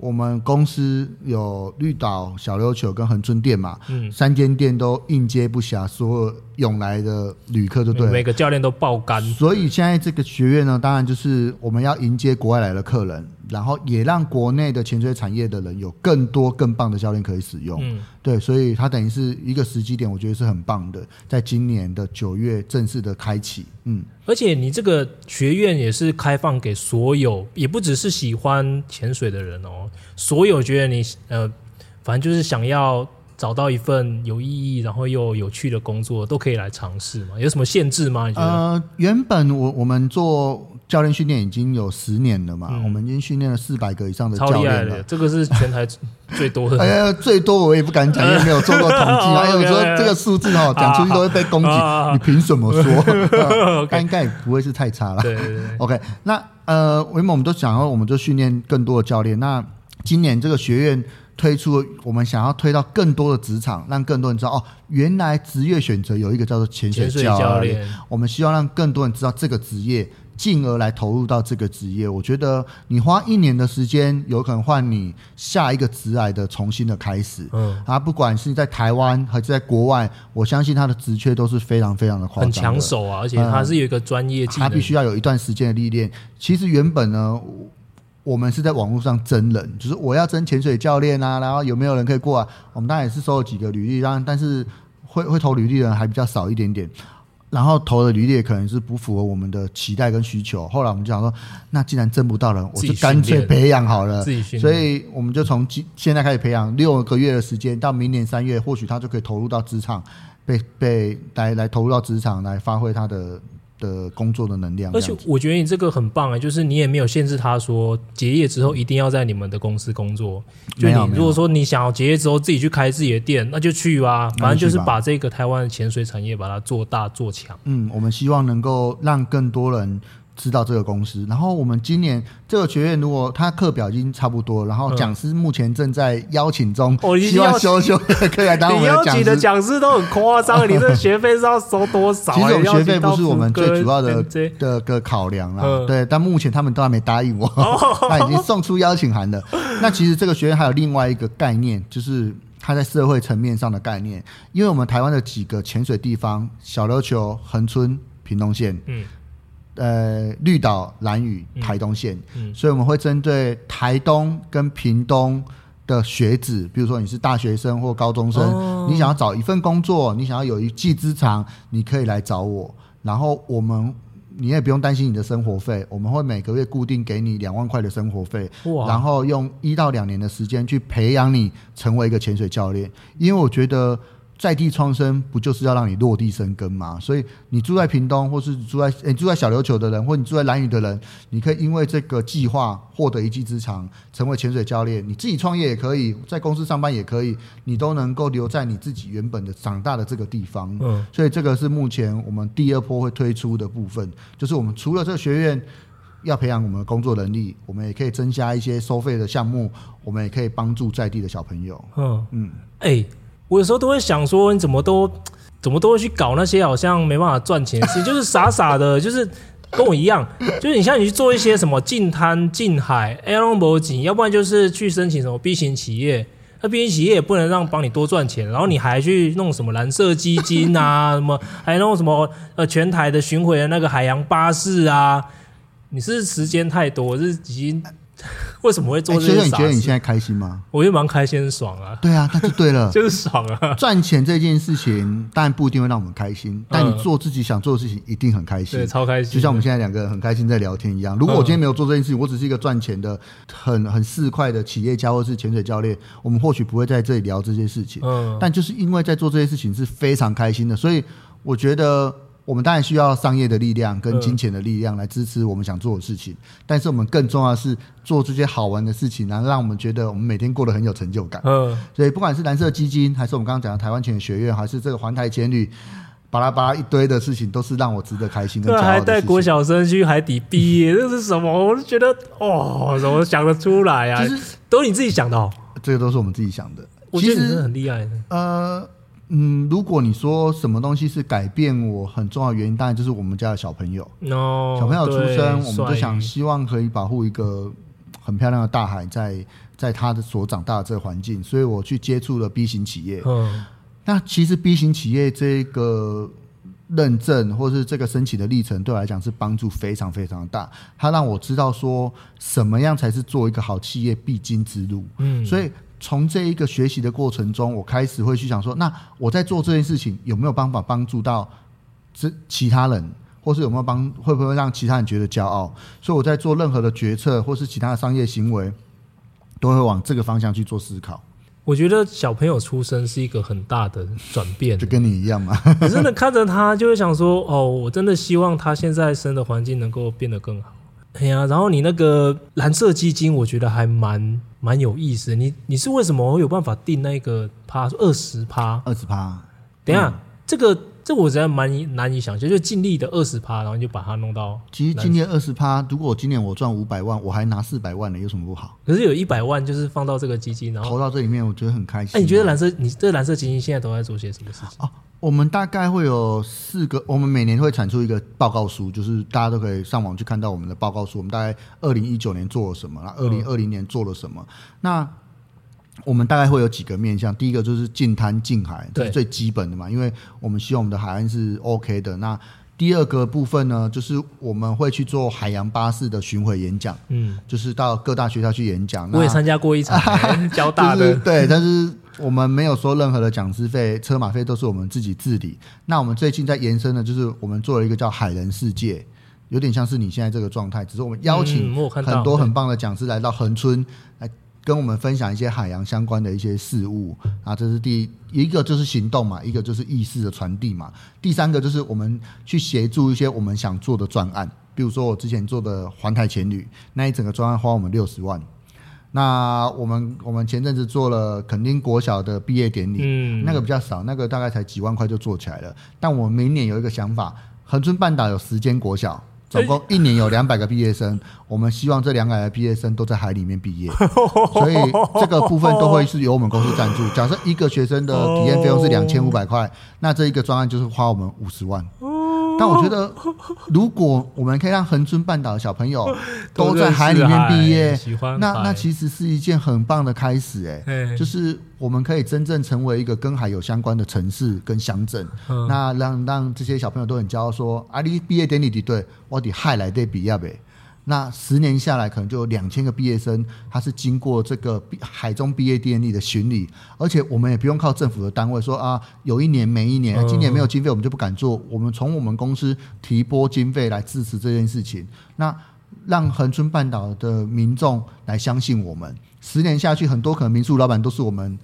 我們公司有綠島、小琉球跟恆春店嘛，嗯，三間店都應接不暇，所有。湧來的旅客就對了，每個教練都爆肝，所以現在這個學院呢，當然就是我們要迎接國外來的客人，然後也讓國內的潛水產業的人有更多更棒的教練可以使用。嗯，對，所以它等於是一個時機點，我覺得是很棒的，在今年的九月正式的開啟。嗯，而且你這個學院也是開放給所有，也不只是喜歡潛水的人哦，所有覺得你呃，反正就是想要。找到一份有意義然後又有趣的工作都可以來嘗試嘛，有什麼限制嗎？你覺得？呃，原本我我們做教練訓練已經有十年了嘛，我們已經訓練了四百個以上的教練了，這個是全台最多的。哎呀，最多我也不敢講，因為沒有做過統計啊。還有說這個數字哈，講出去都會被攻擊，你憑什麼說？應該不會是太差了。對，OK，那呃，為什麼我們都想要，我們就訓練更多的教練。那今年這個學院。推出，我們想要推到更多的職場，讓更多人知道哦，原來職業選擇有一個叫做潛水教練、啊。教我們希望讓更多人知道這個職業，進而來投入到這個職業。我覺得你花一年的時間，有可能換你下一個職業的重新的開始。嗯，啊，不管是在台灣還是在國外，我相信它的職缺都是非常非常的誇張，很搶手啊。而且它是有一個專業技能，它、啊、必須要有一段時間的歷練。嗯、其實原本呢，我們是在網絡上徵人，就是我要徵潛水教練啊，然後有沒有人可以過來？啊，我們當然也是收了幾個履歷，但但是會會投履歷的人還比較少一點點。然後投的履歷可能是不符合我們的期待跟需求。後來我們就想說，那既然徵不到人，我就乾脆培養好了。了所以我們就從今現在開始培養，六個月的時間到明年三月，或許他就可以投入到職場，被被來來投入到職場來發揮他的。的工作的能量，而且我覺得你這個很棒啊、欸。就是你也沒有限制他，說結業之後一定要在你們的公司工作。嗯、就你如果說你想要結業之後自己去開自己的店，那就去吧，去吧。反正就是把這個台灣的潛水產業把它做大做強。嗯，我們希望能夠讓更多人。知道這個公司，然後我們今年這個學院，如果他課表已經差不多，然後講師目前正在邀請中，嗯哦、希望修修可以來當我們的講師。你邀請的講師都很誇張，嗯、你這個學費是要收多少，欸？其實我們學費不是我們最主要的、嗯、的個考量啦，嗯、對。但目前他們都還沒答應我，他、哦、 已經送出邀請函了。那其實這個學院還有另外一個概念，就是他在社會層面上的概念。因為我們台灣的幾個潛水地方，小琉球、恆春、屏東縣，嗯。呃，綠島、蘭嶼、台東縣，嗯、所以我們會針對台東跟屏東的學子，比如說你是大學生或高中生，哦、你想要找一份工作，你想要有一技之長，你可以來找我。然後我們，你也不用擔心你的生活費，我們會每個月固定給你兩萬塊的生活費，哇然後用一到兩年的時間去培養你成為一個潛水教練，因為我覺得。在地創生不就是要讓你落地生根嗎？所以你住在屏東，或是住在誒，欸，住在小琉球的人，或你住在蘭嶼的人，你可以因為這個計劃獲得一技之長，成為潛水教練。你自己創業也可以，在公司上班也可以，你都能夠留在你自己原本的長大的這個地方。嗯，所以這個是目前我們第二波會推出的部分，就是我們除了這個學院要培養我們的工作能力，我們也可以增加一些收費的項目，我們也可以幫助在地的小朋友。嗯嗯，欸我有時候都會想說，你怎麼都，怎麼都會去搞那些好像沒辦法賺錢的事，就是傻傻的，就是跟我一樣，就是你像你去做一些什麼淨灘、淨海、a LBO 景，要不然就是去申請什麼 B 型企業，那 B 型企業也不能讓幫你多賺錢，然後你還去弄什麼藍色基金啊，什麼還弄什麼呃全台的巡迴的那個海洋巴士啊，你是不是時間太多是已經為什麼會做這事？所以說你覺得你現在開心嗎？我覺得蠻開心，爽啊！對啊，那就對了， 就是爽啊！賺錢這件事情當然不一定會讓我們開心，但你做自己、嗯、想做的事情一定很開心，對，超開心！就像我們現在兩個人很開心在聊天一樣。如果我今天沒有做這件事情，我只是一個賺錢的很很市儈的企業家或是潛水教練，我們或許不會在這裡聊這件事情。嗯，但就是因為在做這些事情是非常開心的，所以我覺得。我們當然需要商業的力量跟金錢的力量來支持我們想做的事情，嗯、但是我們更重要的是做這些好玩的事情，然後讓我們覺得我們每天過得很有成就感。嗯，所以不管是藍色基金，還是我們剛剛講的台灣潛學院，還是這個環台潛旅，巴拉巴拉一堆的事情，都是讓我值得開心的。的。對，還帶國小生去海底畢業，嗯、哼這是什麼？我就覺得哦，怎麼想得出來啊？其、就是都你自己想的？哦，這個都是我們自己想的。我覺得你真的很厲害的。呃。嗯，如果你說什麼東西是改變我很重要的原因，當然就是我們家的小朋友。No, 小朋友出生，對我們就想希望可以保護一個很漂亮的大海在，在在他的所長大的這個環境，所以我去接觸了 B 型企業。嗯呵，那其實 B 型企業這個認證，或者是這個申請的歷程，對我來講是幫助非常非常的大。他讓我知道說，什麼樣才是做一個好企業必經之路。嗯，所以。從這一個學習的過程中，我開始會去想說，那我在做這件事情有沒有辦法幫助到這其他人，或是有沒有幫會不會讓其他人覺得驕傲？所以我在做任何的決策或是其他的商業行為，都會往這個方向去做思考。我覺得小朋友出生是一個很大的轉變， 就跟你一樣嘛。真 的看着他，就會想說，哦，我真的希望他現在生的環境能夠變得更好。哎呀、啊，然後你那個藍色基金，我覺得還蠻蠻有意思的。你你是為什麼有辦法定那個趴二十趴？二十趴？等一下、嗯這個，這個這我實在蠻難以想象，就淨利的二十趴，然後你就把它弄到。其實今年二十趴，如果今年我賺五百萬，我還拿四百萬呢、欸，有什麼不好？可是有一百萬就是放到這個基金，然後投到這裡面，我覺得很開心、啊。哎、欸，你覺得藍色你這個藍色基金現在都在做些什麼事情啊？哦我們大概會有四個，我們每年會產出一個報告書，就是大家都可以上網去看到我們的報告書。我們大概二零一九年做了什麼，二零二零年做了什麼。嗯、那我們大概會有幾個面向，第一個就是淨灘淨海對這是最基本的嘛，因為我們希望我們的海岸是 OK 的。那第二個部分呢，就是我們會去做海洋巴士的巡迴演講，嗯，就是到各大學校去演講。我也參加過一場、欸啊、哈哈交大的，就是、對，呵呵但是我們沒有收任何的講師費，車馬費都是我們自己自理。那我們最近在延伸的，就是我們做了一個叫“海人世界”，有點像是你現在這個狀態，只是我們邀請很多很棒的講師來到恆春，來跟我們分享一些海洋相關的一些事物啊，這是第一,一個就是行動嘛，一個就是意識的傳遞嘛，第三個就是我們去協助一些我們想做的專案，比如說我之前做的環台潛旅那一整個專案花我們六十萬，那我們我們前陣子做了墾丁國小的畢業典禮，嗯、那個比較少，那個大概才幾萬塊就做起來了，但我明年有一個想法，恆春半島有十間國小。總共一年有兩百個畢業生，我們希望這兩百個畢業生都在海裡面畢業，所以這個部分都會是由我們公司贊助。假設一個學生的體驗費用是兩千五百塊，那這一個專案就是花我們五十萬。但我覺得，如果我們可以讓恆春半島的小朋友都在海裡面畢業，那那，那其實是一件很棒的開始。欸，哎嘿，就是我們可以真正成為一個跟海有相關的城市跟鄉鎮，嘿嘿那讓讓這些小朋友都很驕傲說，說阿里畢業典禮，對，我佇海內底畢業。那十年下來，可能就有兩千個畢業生，他是經過這個海中畢業典禮的巡禮，而且我們也不用靠政府的單位說啊，有一年沒一年，啊，今年沒有經費我們就不敢做，我們從我們公司提撥經費來支持這件事情，那讓恆春半島的民眾來相信我們，十年下去，很多可能民宿老闆都是我們。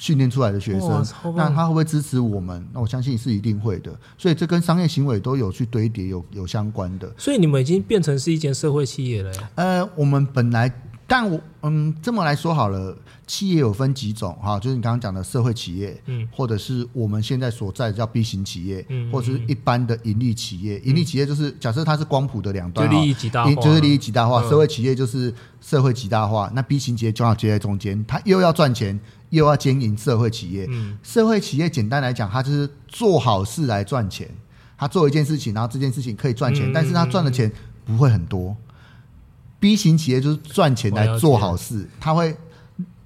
訓練出來的學生，那他會不會支持我們？那我相信是一定會的。所以這跟商業行為都有去堆疊，有有相關的。所以你們已經變成是一間社會企業了欸。呃，我們本來。但我嗯，這麼來說好了，企業有分幾種哈，就是你剛剛講的社會企業，嗯，或者是我們現在所在的叫 B 型企業，嗯，嗯或者是一般的盈利企業。嗯、盈利企業就是假設它是光譜的兩端，就利益極大化，就是利益極大化；嗯、社會企業就是社會極大化。嗯、那 B 型企業就要接在中間，它又要賺錢，又要經營社會企業。嗯、社會企業簡單來講，它就是做好事來賺錢。他做一件事情，然後這件事情可以賺錢，嗯、但是他賺的錢不會很多。嗯嗯嗯 B 型企業就是賺錢來做好事，他會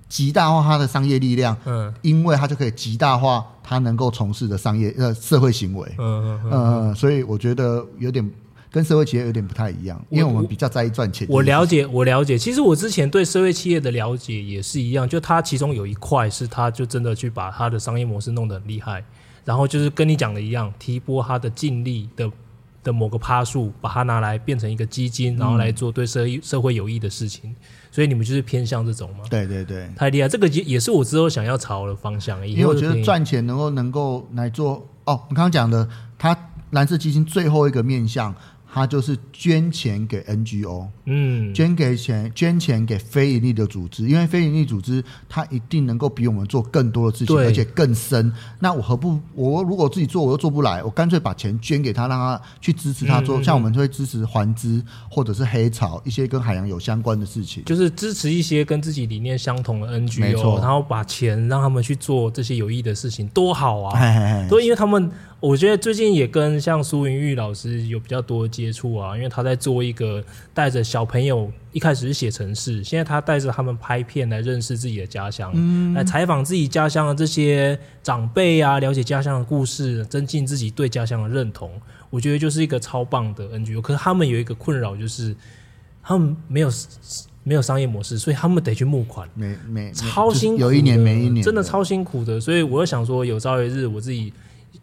極大化他的商業力量，嗯，因為他就可以極大化他能夠從事的商業呃社會行為，嗯嗯嗯，嗯嗯所以我覺得有點跟社會企業有點不太一樣，我因為我們比較在意賺錢。我了解，我了解，其實我之前對社會企業的了解也是一樣，就它其中有一塊是它就真的去把它的商業模式弄得很厲害，然後就是跟你講的一樣，提撥它的淨利的。的某個趴數，把它拿來變成一個基金，然後來做對社社會有益的事情，嗯、所以你們就是偏向這種嗎？對對對，太厲害，這個也是我之後想要朝的方向，因為我覺得賺錢能夠、嗯、能夠來做哦，你剛剛講的，它藍色基金最後一個面向。他就是捐錢給 NGO，嗯，捐給錢，捐錢給非營利的組織，因為非營利組織他一定能夠比我們做更多的事情，對而且更深。那我何不，我如果自己做我又做不來，我乾脆把錢捐給他，讓他去支持他做，嗯嗯、像我們就會支持環資或者是黑潮一些跟海洋有相關的事情，就是支持一些跟自己理念相同的 NGO，錯然後把錢讓他們去做這些有益的事情，多好啊！嘿嘿嘿對，因為他們。我覺得最近也跟像蘇雲玉老師有比較多的接觸啊，因為他在做一個帶着小朋友，一開始是寫程式，現在他帶着他們拍片來認識自己的家鄉，嗯，來採訪自己家鄉的這些長輩啊，了解家鄉的故事，增進自己對家鄉的認同。我覺得就是一個超棒的 NGO。可是他們有一個困擾就是，他們沒有沒有商業模式，所以他們得去募款，沒沒超辛苦，有一年，沒一年真的超辛苦的。所以我就想說，有朝一日我自己。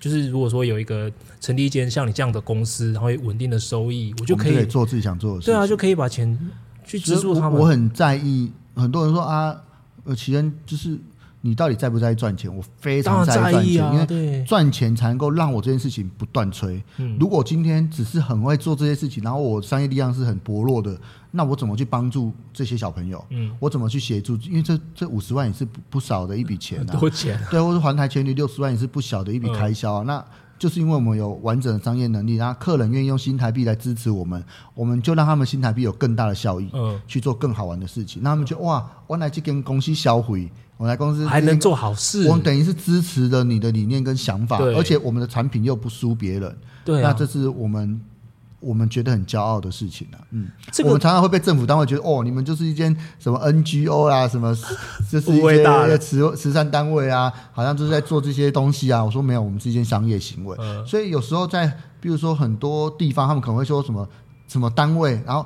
就是如果說有一個成立一間像你這樣的公司，然後有穩定的收益，我就可以，就可以做自己想做的事情。事。對啊，就可以把錢去資助他們，嗯我。我很在意，很多人說啊，呃，其實就是。你到底在不在意賺錢？我非常在意賺錢，意啊、對，因為賺錢才能夠讓我這件事情不斷催。嗯、如果今天只是很會做這些事情，然後我商業力量是很薄弱的，那我怎麼去幫助這些小朋友？嗯，我怎麼去協助？因為這這五十萬也是不不少的一筆錢啊，多錢、啊？對，或是環台潛旅六十萬也是不小的一筆開銷啊。嗯、那就是因為我們有完整的商業能力，然後客人願意用新台幣來支持我們，我們就讓他們新台幣有更大的效益，嗯、去做更好玩的事情。那他們就哇，我來去跟公司消費。我們來公司還能做好事，我等於是支持了你的理念跟想法，而且我們的產品又不輸別人，對那這是我們我們覺得很驕傲的事情、啊、嗯，這個 我們常常會被政府單位覺得，哦，你們就是一間什麼 NGO 啊，什麼，就是一些慈慈善單位啊，好像就是在做這些東西啊。我說沒有，我們是一間商業行為，嗯、所以有時候在比如說很多地方，他們可能會說什麼什麼單位，然後。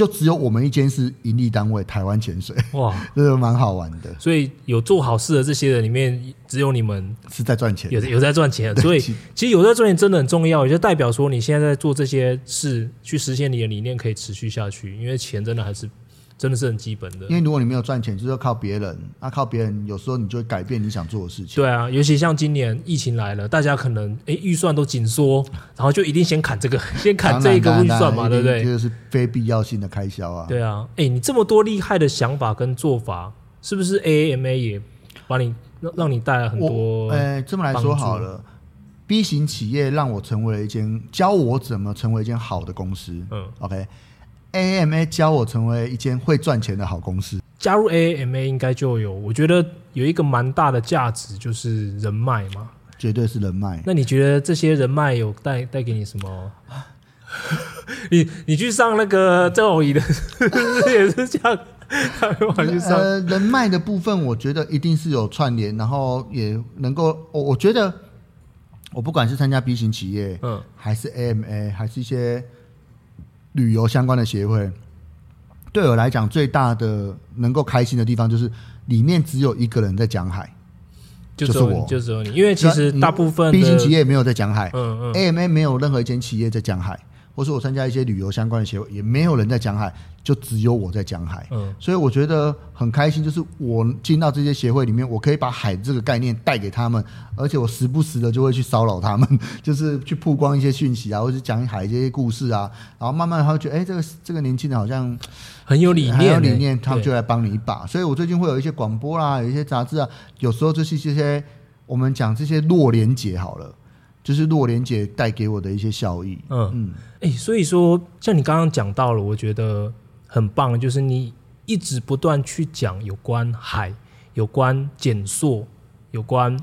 就只有我們一間是營利單位，台灣潛水。哇，這個蠻好玩的。所以有做好事的這些人裡面，只有你們有是在賺錢的有，有有在賺錢。對所以其，其實有在賺錢真的很重要，也就代表說你現在，在做這些事，去實現你的理念可以持續下去，因為錢真的還是。真的是很基本的，因為如果你沒有賺錢，就是、要靠別人。那、啊、靠別人，有時候你就會改變你想做的事情。對啊，尤其像今年疫情來了，大家可能哎預、欸、算都緊縮，然後就一定先砍這個，先砍然這一個預算嘛，對不對？這個是非必要性的開銷啊。對啊，哎、欸，你這麼多厲害的想法跟做法，是不是 A A M A 也把你讓讓你帶來很多？哎、欸，這麼來說好了，B 型企業讓我成為了一間教我怎麼成為一間好的公司。嗯，OK。A M A 教我成為一間會賺錢的好公司。加入 A M A 應該就有，我覺得有一個蠻大的價值，就是人脈嘛。絕對是人脈。那你覺得這些人脈有帶帶給你什麼？啊、 你你去上那個周儀的、嗯、 也是這樣， 呃，人脈的部分我覺得一定是有串聯，然後也能夠，我我覺得我不管是參加 B 型企業，嗯，還是 A M A，還是一些。旅遊相關的協會，對我來講最大的能夠開心的地方，就是裡面只有一個人在講海，就，就是我，就只有你。因為其實大部分，B 型企業也沒有在講海，嗯嗯，AMA 沒有任何一間企業在講海。或是我參加一些旅遊相關的協會，也沒有人在講海，就只有我在講海。嗯，所以我覺得很開心，就是我進到這些協會裡面，我可以把海這個概念帶給他們，而且我時不時的就會去騷擾他們，就是去曝光一些訊息啊，或者講海這些故事啊，然後慢慢他會覺得，哎、欸，這個這個年輕人好像很有理念、欸、嗯，很有理念，他們就來幫你一把。對所以，我最近會有一些廣播啦，有一些雜誌啊，有時候就是這些我們講這些弱連結好了。就是洛蓮姐帶給我的一些效益。嗯哎、嗯欸，所以說像你剛剛講到了，我覺得很棒。就是你一直不斷去講有關海、有關減塑、有關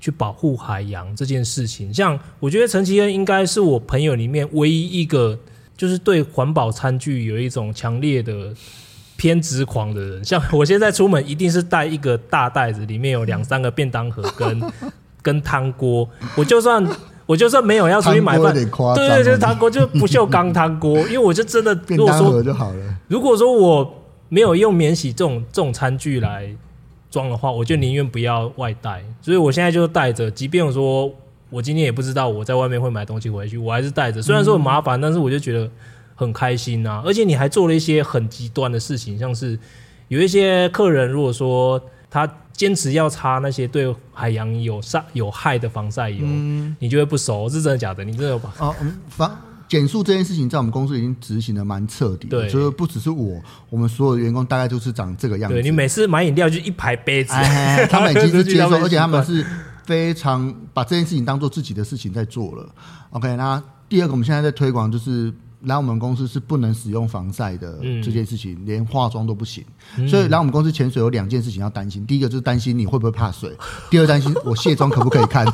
去保護海洋這件事情。像我覺得陳琦恩應該是我朋友裡面唯一一個，就是對環保餐具有一種強烈的偏執狂的人。像我現在出門一定是帶一個大袋子，裡面有兩三個便當盒跟。 跟湯鍋，我就算我就算沒有要出去買飯，對，對對，就是湯鍋，就是不鏽鋼湯鍋。 因為我就真的，如果說如果說我沒有用免洗這種這種餐具來裝的話，我就寧願不要外帶。所以我現在就帶着，即便我說我今天也不知道我在外面會買東西回去，我還是帶着。雖然說很麻煩，嗯、但是我就覺得很開心啊。而且你還做了一些很極端的事情，像是有一些客人，如果說他。堅持要擦那些對海洋有傷、有害的防曬油，嗯、你就會不熟，是真的假的？你真的有吧？哦，防減塑這件事情在我們公司已經執行了蠻徹的，蠻徹底。對所以不只是我，我們所有的員工大概就是長這個樣子。對你每次買飲料就一排杯子，哎哎哎他，他們其實接受，而且他們是非常把這件事情當做自己的事情在做了。OK，那第二個我們現在在推廣就是。來我們公司是不能使用防晒的這件事情，連化妝都不行。所以來我們公司潛水有兩件事情要擔心：第一個就是擔心你會不會怕水；第二擔心我卸妝可不可以看。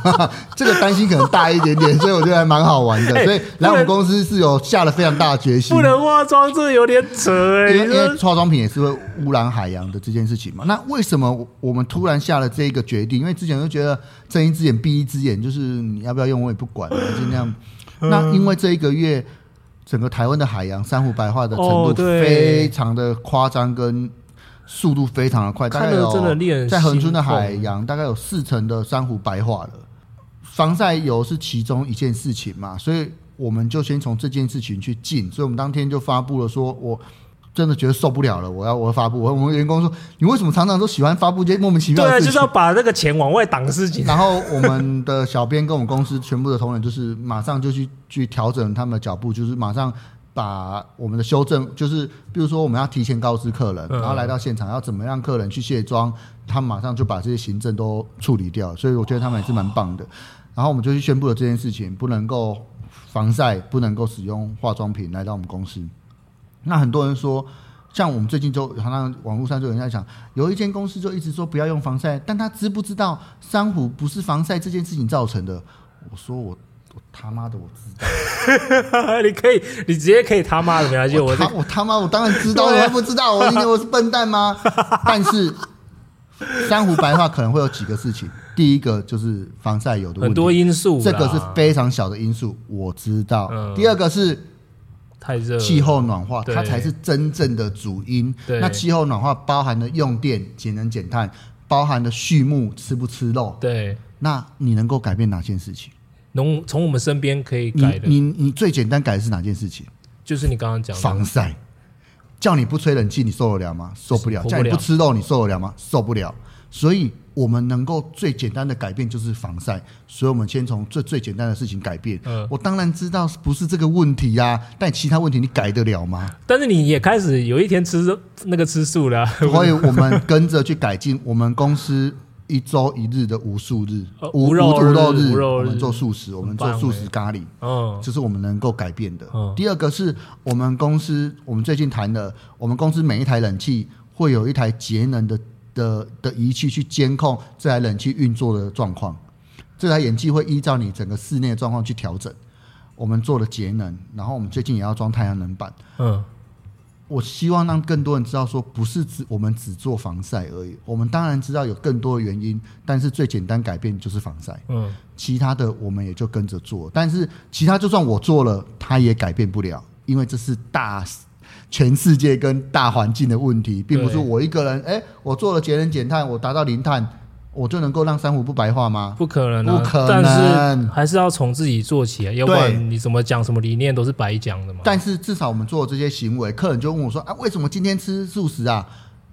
這個擔心可能大一點點，所以我覺得還蠻好玩的。所以來我們公司是有下了非常大的決心，不能化妝，這有點扯。因為化妝品也是會污染海洋的這件事情嘛。那為什麼我們突然下了這一個決定？因為之前就覺得睜一隻眼閉一隻眼，就是你要不要用我也不管了，就那樣。那因為這一個月。整個台灣的海洋珊瑚白化的程度、哦、非常的誇張，跟速度非常的快。看得，真的厲害，大概有在恆春的海洋，哦、大概有四成的珊瑚白化了。防曬油是其中一件事情嘛，所以我們就先從這件事情去進。所以我們當天就發布了說，說我。真的覺得受不了了，我要我要發布，我，我們員工說，你為什麼常常都喜歡發布這些莫名其妙的事情？對，就是要把這個錢往外擋自己。然後我們的小編跟我們公司全部的同仁，就是馬上就去去調整他們的腳步，就是馬上把我們的修正，就是比如說我們要提前告知客人，嗯、然後來到現場要怎麼樣，客人去卸妝，他們馬上就把這些行政都處理掉。所以我覺得他們也是蠻棒的。哦、然後我們就去宣布了這件事情，不能夠防曬，不能夠使用化妝品來到我們公司。那很多人說，像我們最近就好像網絡上就有人在講，有一間公司就一直說不要用防曬，但他知不知道珊瑚不是防曬這件事情造成的？我說我我他媽的我知道， 你可以你直接可以他媽的了解我，我他媽我，這個，我，我當然知道了，啊、我還不知道我我是笨蛋嗎？ 但是珊瑚白化可能會有幾個事情，第一個就是防曬有的很多因素，這個是非常小的因素，我知道。嗯、第二個是。太熱，氣候暖化，對它才是真正的主因。對那氣候暖化包含了用電節能減碳，包含了畜牧吃不吃肉。對，那你能夠改變哪件事情？能從我們身邊可以改的。你你，你最簡單改的是哪件事情？就是你剛剛講的防曬，叫你不吹冷氣，你受得了嗎？受不了。不了叫你不吃肉，你受得了嗎？受不了。所以我們能夠最簡單的改變就是防曬，所以我們先從最最簡單的事情改變。嗯、我當然知道不是這個問題呀、啊，但其他問題你改得了嗎？但是你也開始有一天吃那個吃素了、啊。 所以我們跟着去改進，我們公司一周一日的無數日、嗯、無肉、無肉日，無肉日我們做素食，我們做素食咖喱這、嗯、是我們能夠改變的。嗯、第二個是我們公司，我們最近談的，我們公司每一台冷氣會有一台節能的。的的儀器去監控這台冷氣運作的狀況，這台冷氣會依照你整個室內的狀況去調整。我們做了節能，然後我們最近也要裝太陽能板。嗯，我希望讓更多人知道，說不是只我們只做防曬而已。我們當然知道有更多的原因，但是最簡單改變就是防晒。嗯，其他的我們也就跟着做，但是其他就算我做了，他也改變不了，因為這是大。全世界跟大環境的問題，並不是我一個人。哎對、欸，我做了節能減碳，我達到零碳，我就能夠讓珊瑚不白化嗎？不可能,啊、不可能，不可能，還是要從自己做起。對要不然你怎麼講什麼理念都是白講的嘛。但是至少我們做了這些行為，客人就問我說：“啊，為什麼今天吃素食啊？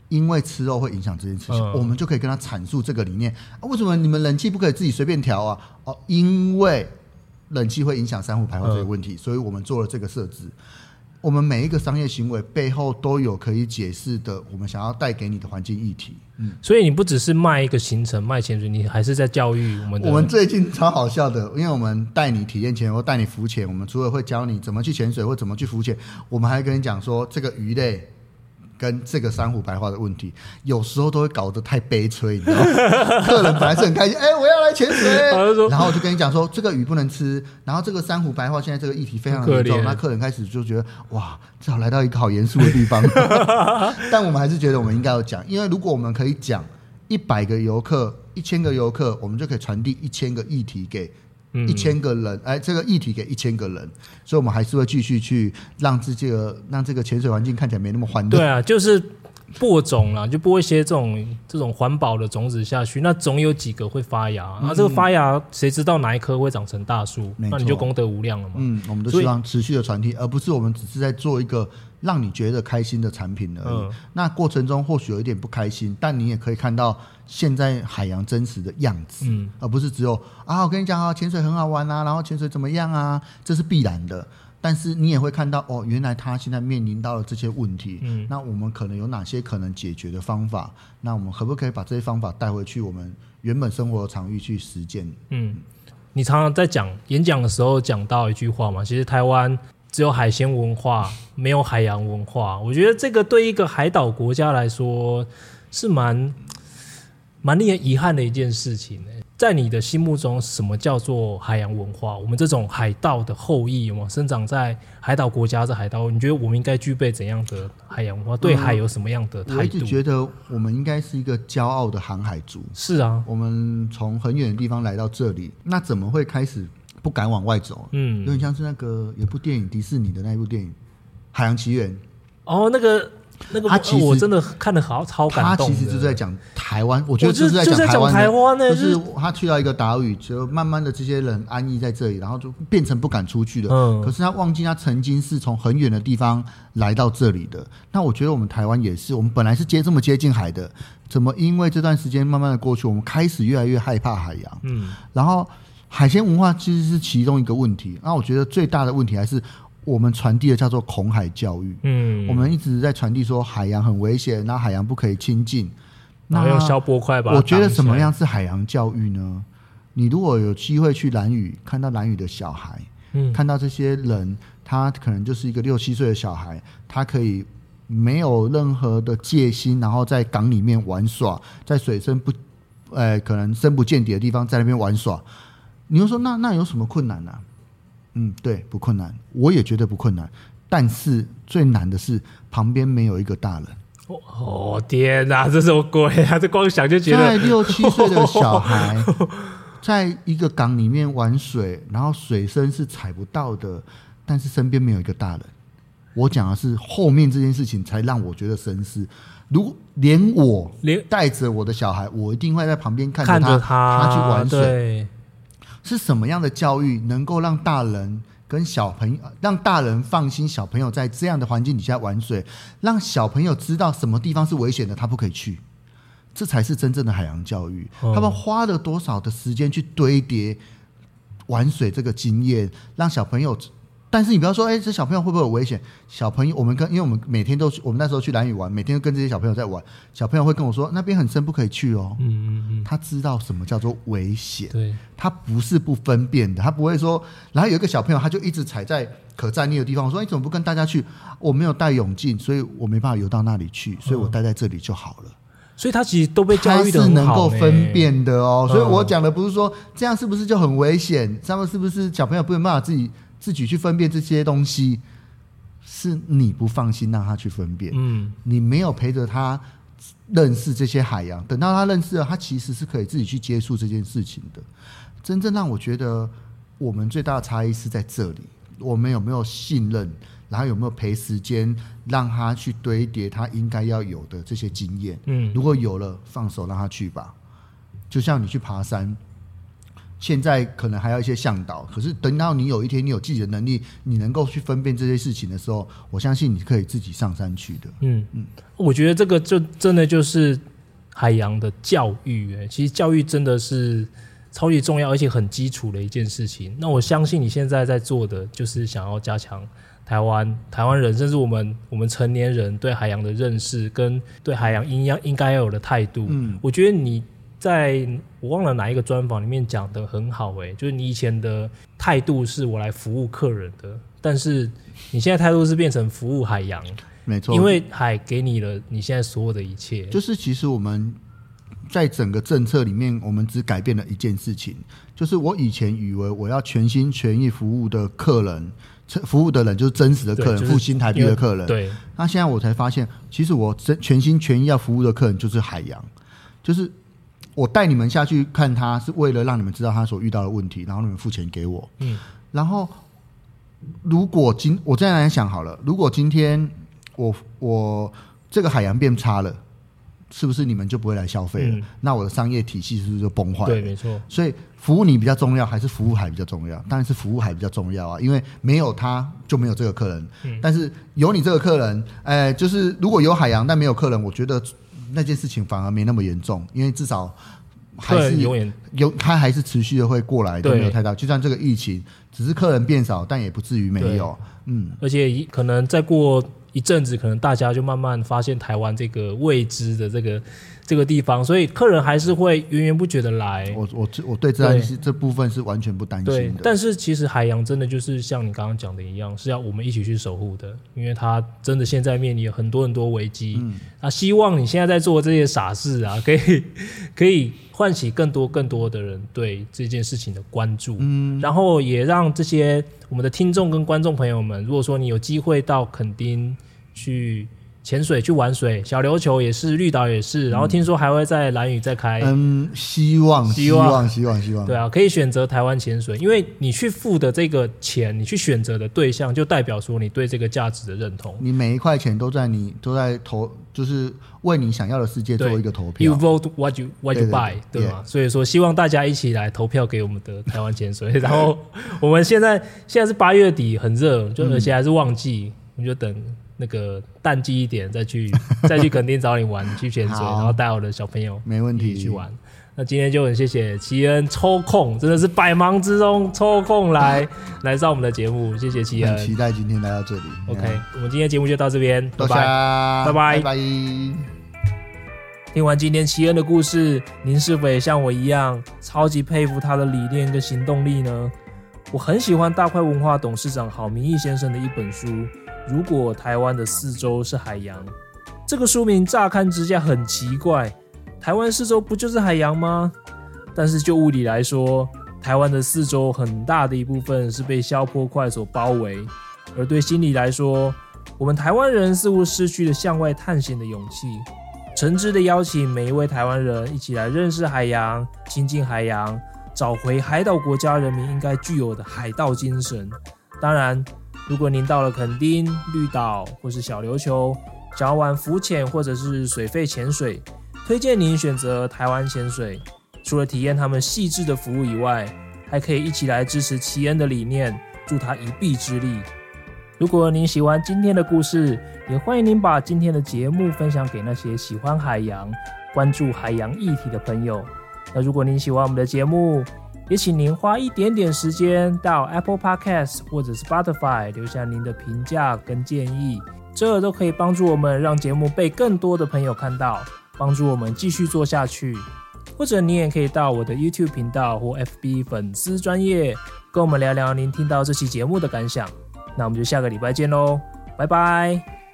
因為吃肉會影響這件事情。嗯”我們就可以跟他闡述這個理念、啊：為什麼你們冷氣不可以自己隨便調啊？哦，因為冷氣會影響珊瑚排放這些問題，嗯、所以我們做了這個設置。我們每一個商業行為背後都有可以解釋的，我們想要帶給你的環境議題。嗯，所以你不只是賣一個行程、賣潛水，你還是在教育我們。我們最近超好笑的，因為我們帶你體驗潛或帶你浮潛，我們除了會教你怎麼去潛水或怎麼去浮潛，我們還跟你講說這個魚類。跟這個珊瑚白化的問題，有時候都會搞得太悲催，你知道嗎？ 客人本來是很開心，哎、欸，我要來潛水、欸， 然後我就跟你講說，這個魚不能吃，然後這個珊瑚白化現在這個議題非常嚴重，那客人開始就覺得哇，至少來到一個好嚴肅的地方， 但我們還是覺得我們應該要講，因為如果我們可以講一百個遊客、一千個遊客，我們就可以傳遞一千個議題給。一千、嗯、個人，哎，這個議題給一千個人，所以我們還是會繼續去讓自己的讓這個潛水環境看起來沒那麼歡樂。對啊，就是播種了，就播一些這種這種環保的種子下去，那總有幾個會發芽，嗯、那這個發芽誰知道哪一棵會長成大樹，嗯、那你就功德無量了嘛。嗯，我們都希望持續的傳遞，以而不是我們只是在做一個讓你覺得開心的產品而已。嗯、那過程中或許有一點不開心，但你也可以看到。現在海洋真實的樣子，嗯，而不是只有啊，我跟你講啊，潛水很好玩啊，然後潛水怎麼樣啊？這是必然的，但是你也會看到哦，原來他現在面臨到了這些問題，嗯，那我們可能有哪些可能解決的方法？那我們可不可以把這些方法帶回去我們原本生活的場域去實踐？嗯，嗯，你常常在講演講的時候講到一句話嘛，其實台灣只有海鮮文化， 沒有海洋文化。我覺得這個對一個海島國家來說是蠻。蠻令人遺憾的一件事情呢、欸，在你的心目中，什麼叫做海洋文化？我們這種海盜的後裔有沒有，有生長在海島國家，這海島，你覺得我們應該具備怎樣的海洋文化？對啊，對海有什麼樣的態度？我覺得我們應該是一個驕傲的航海族。是啊，我們從很遠的地方來到這裡，那怎麼會開始不敢往外走、啊？嗯，有點像是那個有部電影，迪士尼的那一部電影《海洋奇緣》哦，那個。那個阿琦、呃、我真的看得好超感動。他其實就是在講台灣，我覺得就是在講台灣。就，就，台就是他去到一個島嶼，是就慢慢的這些人安逸在這裡，然後就變成不敢出去的。嗯。可是他忘記他曾經是從很遠的地方來到這裡的。那我覺得我們台灣也是，我們本來是接這麼接近海的，怎麼因為這段時間慢慢的過去，我們開始越來越害怕海洋？嗯。然後海鮮文化其實是其中一個問題，那我覺得最大的問題還是。我們傳遞的叫做“恐海教育”。嗯，我們一直在傳遞說，海洋很危險，然後海洋不可以親近，然後用消波塊吧。我覺得什麼樣是海洋教育呢？嗯、你如果有機會去蘭嶼，看到蘭嶼的小孩，嗯，看到這些人，他可能就是一個六七歲的小孩，他可以沒有任何的戒心，然後在港裡面玩耍，在水深不，呃、欸，可能深不見底的地方在那邊玩耍。你又說，那那有什麼困難呢、啊？嗯，對，不困難，我也覺得不困難，但是最難的是旁邊沒有一個大人。哦，天哪，這是什麼鬼啊？這光想就覺得現在六七歲的小孩，哦、在一個港裡面玩水，哦、然後水深是踩不到的，但是身邊沒有一個大人。我講的是後面這件事情才讓我覺得深思。如連我連帶着我的小孩，連我一定會在旁邊看着他看着他，他去玩水。是什麼樣的教育能夠讓大人跟小朋友，讓大人放心小朋友在這樣的環境底下玩水，讓小朋友知道什麼地方是危險的，他不可以去，這才是真正的海洋教育。他們花了多少的時間去堆疊玩水這個經驗，讓小朋友。但是你不要說，哎、欸，這小朋友會不會有危險？小朋友，我們跟因為我們每天都去，我們那時候去蘭嶼玩，每天都跟這些小朋友在玩。小朋友會跟我說：“那邊很深，不可以去哦。嗯”嗯嗯嗯，他知道什麼叫做危險？對，他不是不分辨的，他不會說。然後有一個小朋友，他就一直踩在可站立的地方。我說：“你怎麼不跟大家去？我沒有帶泳鏡，所以我沒辦法游到那裡去，所以我待在這裡就好了。嗯”所以他其實都被教育、欸、他是能夠分辨的哦。嗯、所以我講的不是說這樣是不是就很危險？他們是不是小朋友不有辦法自己？自己去分辨這些東西，是你不放心讓他去分辨。嗯，你沒有陪着他認識這些海洋，等到他認識了，他其實是可以自己去接觸這件事情的。真正讓我覺得我們最大的差異是在這裡，我們有沒有信任，然後有沒有陪時間讓他去堆疊他應該要有的這些經驗。嗯，如果有了，放手讓他去吧。就像你去爬山。現在可能還要一些向導，可是等到你有一天你有自己的能力，你能夠去分辨這些事情的時候，我相信你可以自己上山去的。嗯嗯，我覺得這個就真的就是海洋的教育耶。其實教育真的是超級重要，而且很基礎的一件事情。那我相信你現在在做的，就是想要加強台灣台灣人，甚至我們我們成年人對海洋的認識，跟對海洋應該、應該要有的態度。嗯，我覺得你。在我忘了哪一個專訪裡面講得很好哎、欸，就是你以前的態度是我來服務客人的，但是你現在態度是變成服務海洋，沒錯錯，因為海給你了你現在所有的一切。就是其實我們在整個政策裡面，我們只改變了一件事情，就是我以前以為我要全心全意服務的客人，服務的人就是真實的客人，付新、就是、台幣的客人，對。那現在我才發現，其實我真全心全意要服務的客人就是海洋，就是。我帶你們下去看他，是為了讓你們知道他所遇到的問題，然後你們付錢給我。嗯，然後如果今我這樣來想好了，如果今天我我這個海洋變差了，是不是你們就不會來消費了？嗯、那我的商業體系是不是就崩壞了？對，沒錯。所以服務你比較重要，還是服務海比較重要？當然是服務海比較重要啊，因為沒有他就沒有這個客人。嗯，但是有你這個客人，哎、呃，就是如果有海洋但沒有客人，我覺得。那件事情反而沒那麼嚴重，因為至少還是永遠有，它還是持續的會過來的，對沒有太大。就算這個疫情，只是客人變少，但也不至於沒有。對嗯，而且可能再過一陣子，可能大家就慢慢發現台灣這個未知的這個。這個地方，所以客人還是會源源不絕的來。我我我對這這些對這部分是完全不擔心的。但是其實海洋真的就是像你剛剛講的一樣，是要我們一起去守護的，因為它真的現在面臨很多很多危機。嗯、啊，希望你現在在做這些傻事啊，可以可以喚起更多更多的人對這件事情的關注。嗯，然後也讓這些我們的聽眾跟觀眾朋友們，如果說你有機會到墾丁去。潛水去玩水，小琉球也是，綠島也是，然後聽說還會在蘭嶼再開。嗯，希望希望希望希望。對啊，可以選擇台灣潛水，因為你去付的這個錢，你去選擇的對象，就代表說你對這個價值的認同。你每一塊錢都在你都在投，就是為你想要的世界做一個投票。You vote what you what you buy，對嗎？對啊，yeah. 所以說希望大家一起來投票給我們的台灣潛水。 然後我們現在現在是八月底，很熱，就現在是旺季，嗯、我們就等。那個淡季一點再去，再去墾丁找你玩 去潛水好然後帶我的小朋友沒問題去玩，那今天就很謝謝琦恩抽空，真的是百忙之中抽空來 來上我們的節目，謝謝琦恩。很期待今天來到這裡。OK，嗯，我們今天的節目就到這邊，拜拜謝拜拜。拜拜。聽完今天琦恩的故事，您是否也像我一樣超級佩服他的理念跟行動力呢？我很喜歡大塊文化董事長郝明義先生的一本書。如果台灣的四周是海洋，這個書名乍看之下很奇怪。台灣四周不就是海洋嗎？但是就物理來說，台灣的四周很大的一部分是被消波塊所包圍。而對心理來說，我們台灣人似乎失去了向外探險的勇氣。誠摯的邀請每一位台灣人一起來認識海洋、親近海洋，找回海島國家人民應該具有的海盜精神。當然。如果您到了墾丁、綠島或是小琉球，想要玩浮潛或者是水肺潛水，推薦您選擇台灣潛水。除了體驗他們細緻的服務以外，還可以一起來支持琦恩的理念，助他一臂之力。如果您喜歡今天的故事，也歡迎您把今天的節目分享給那些喜歡海洋、關注海洋議題的朋友。那如果您喜歡我們的節目，也請您花一點點時間到 Apple Podcast 或者 Spotify 留下您的評價跟建議，這都可以幫助我們讓節目被更多的朋友看到，幫助我們繼續做下去。或者您也可以到我的 YouTube 頻道或 FB 粉絲專頁跟我們聊聊您聽到這期節目的感想。那我們就下個禮拜見嘍，拜拜。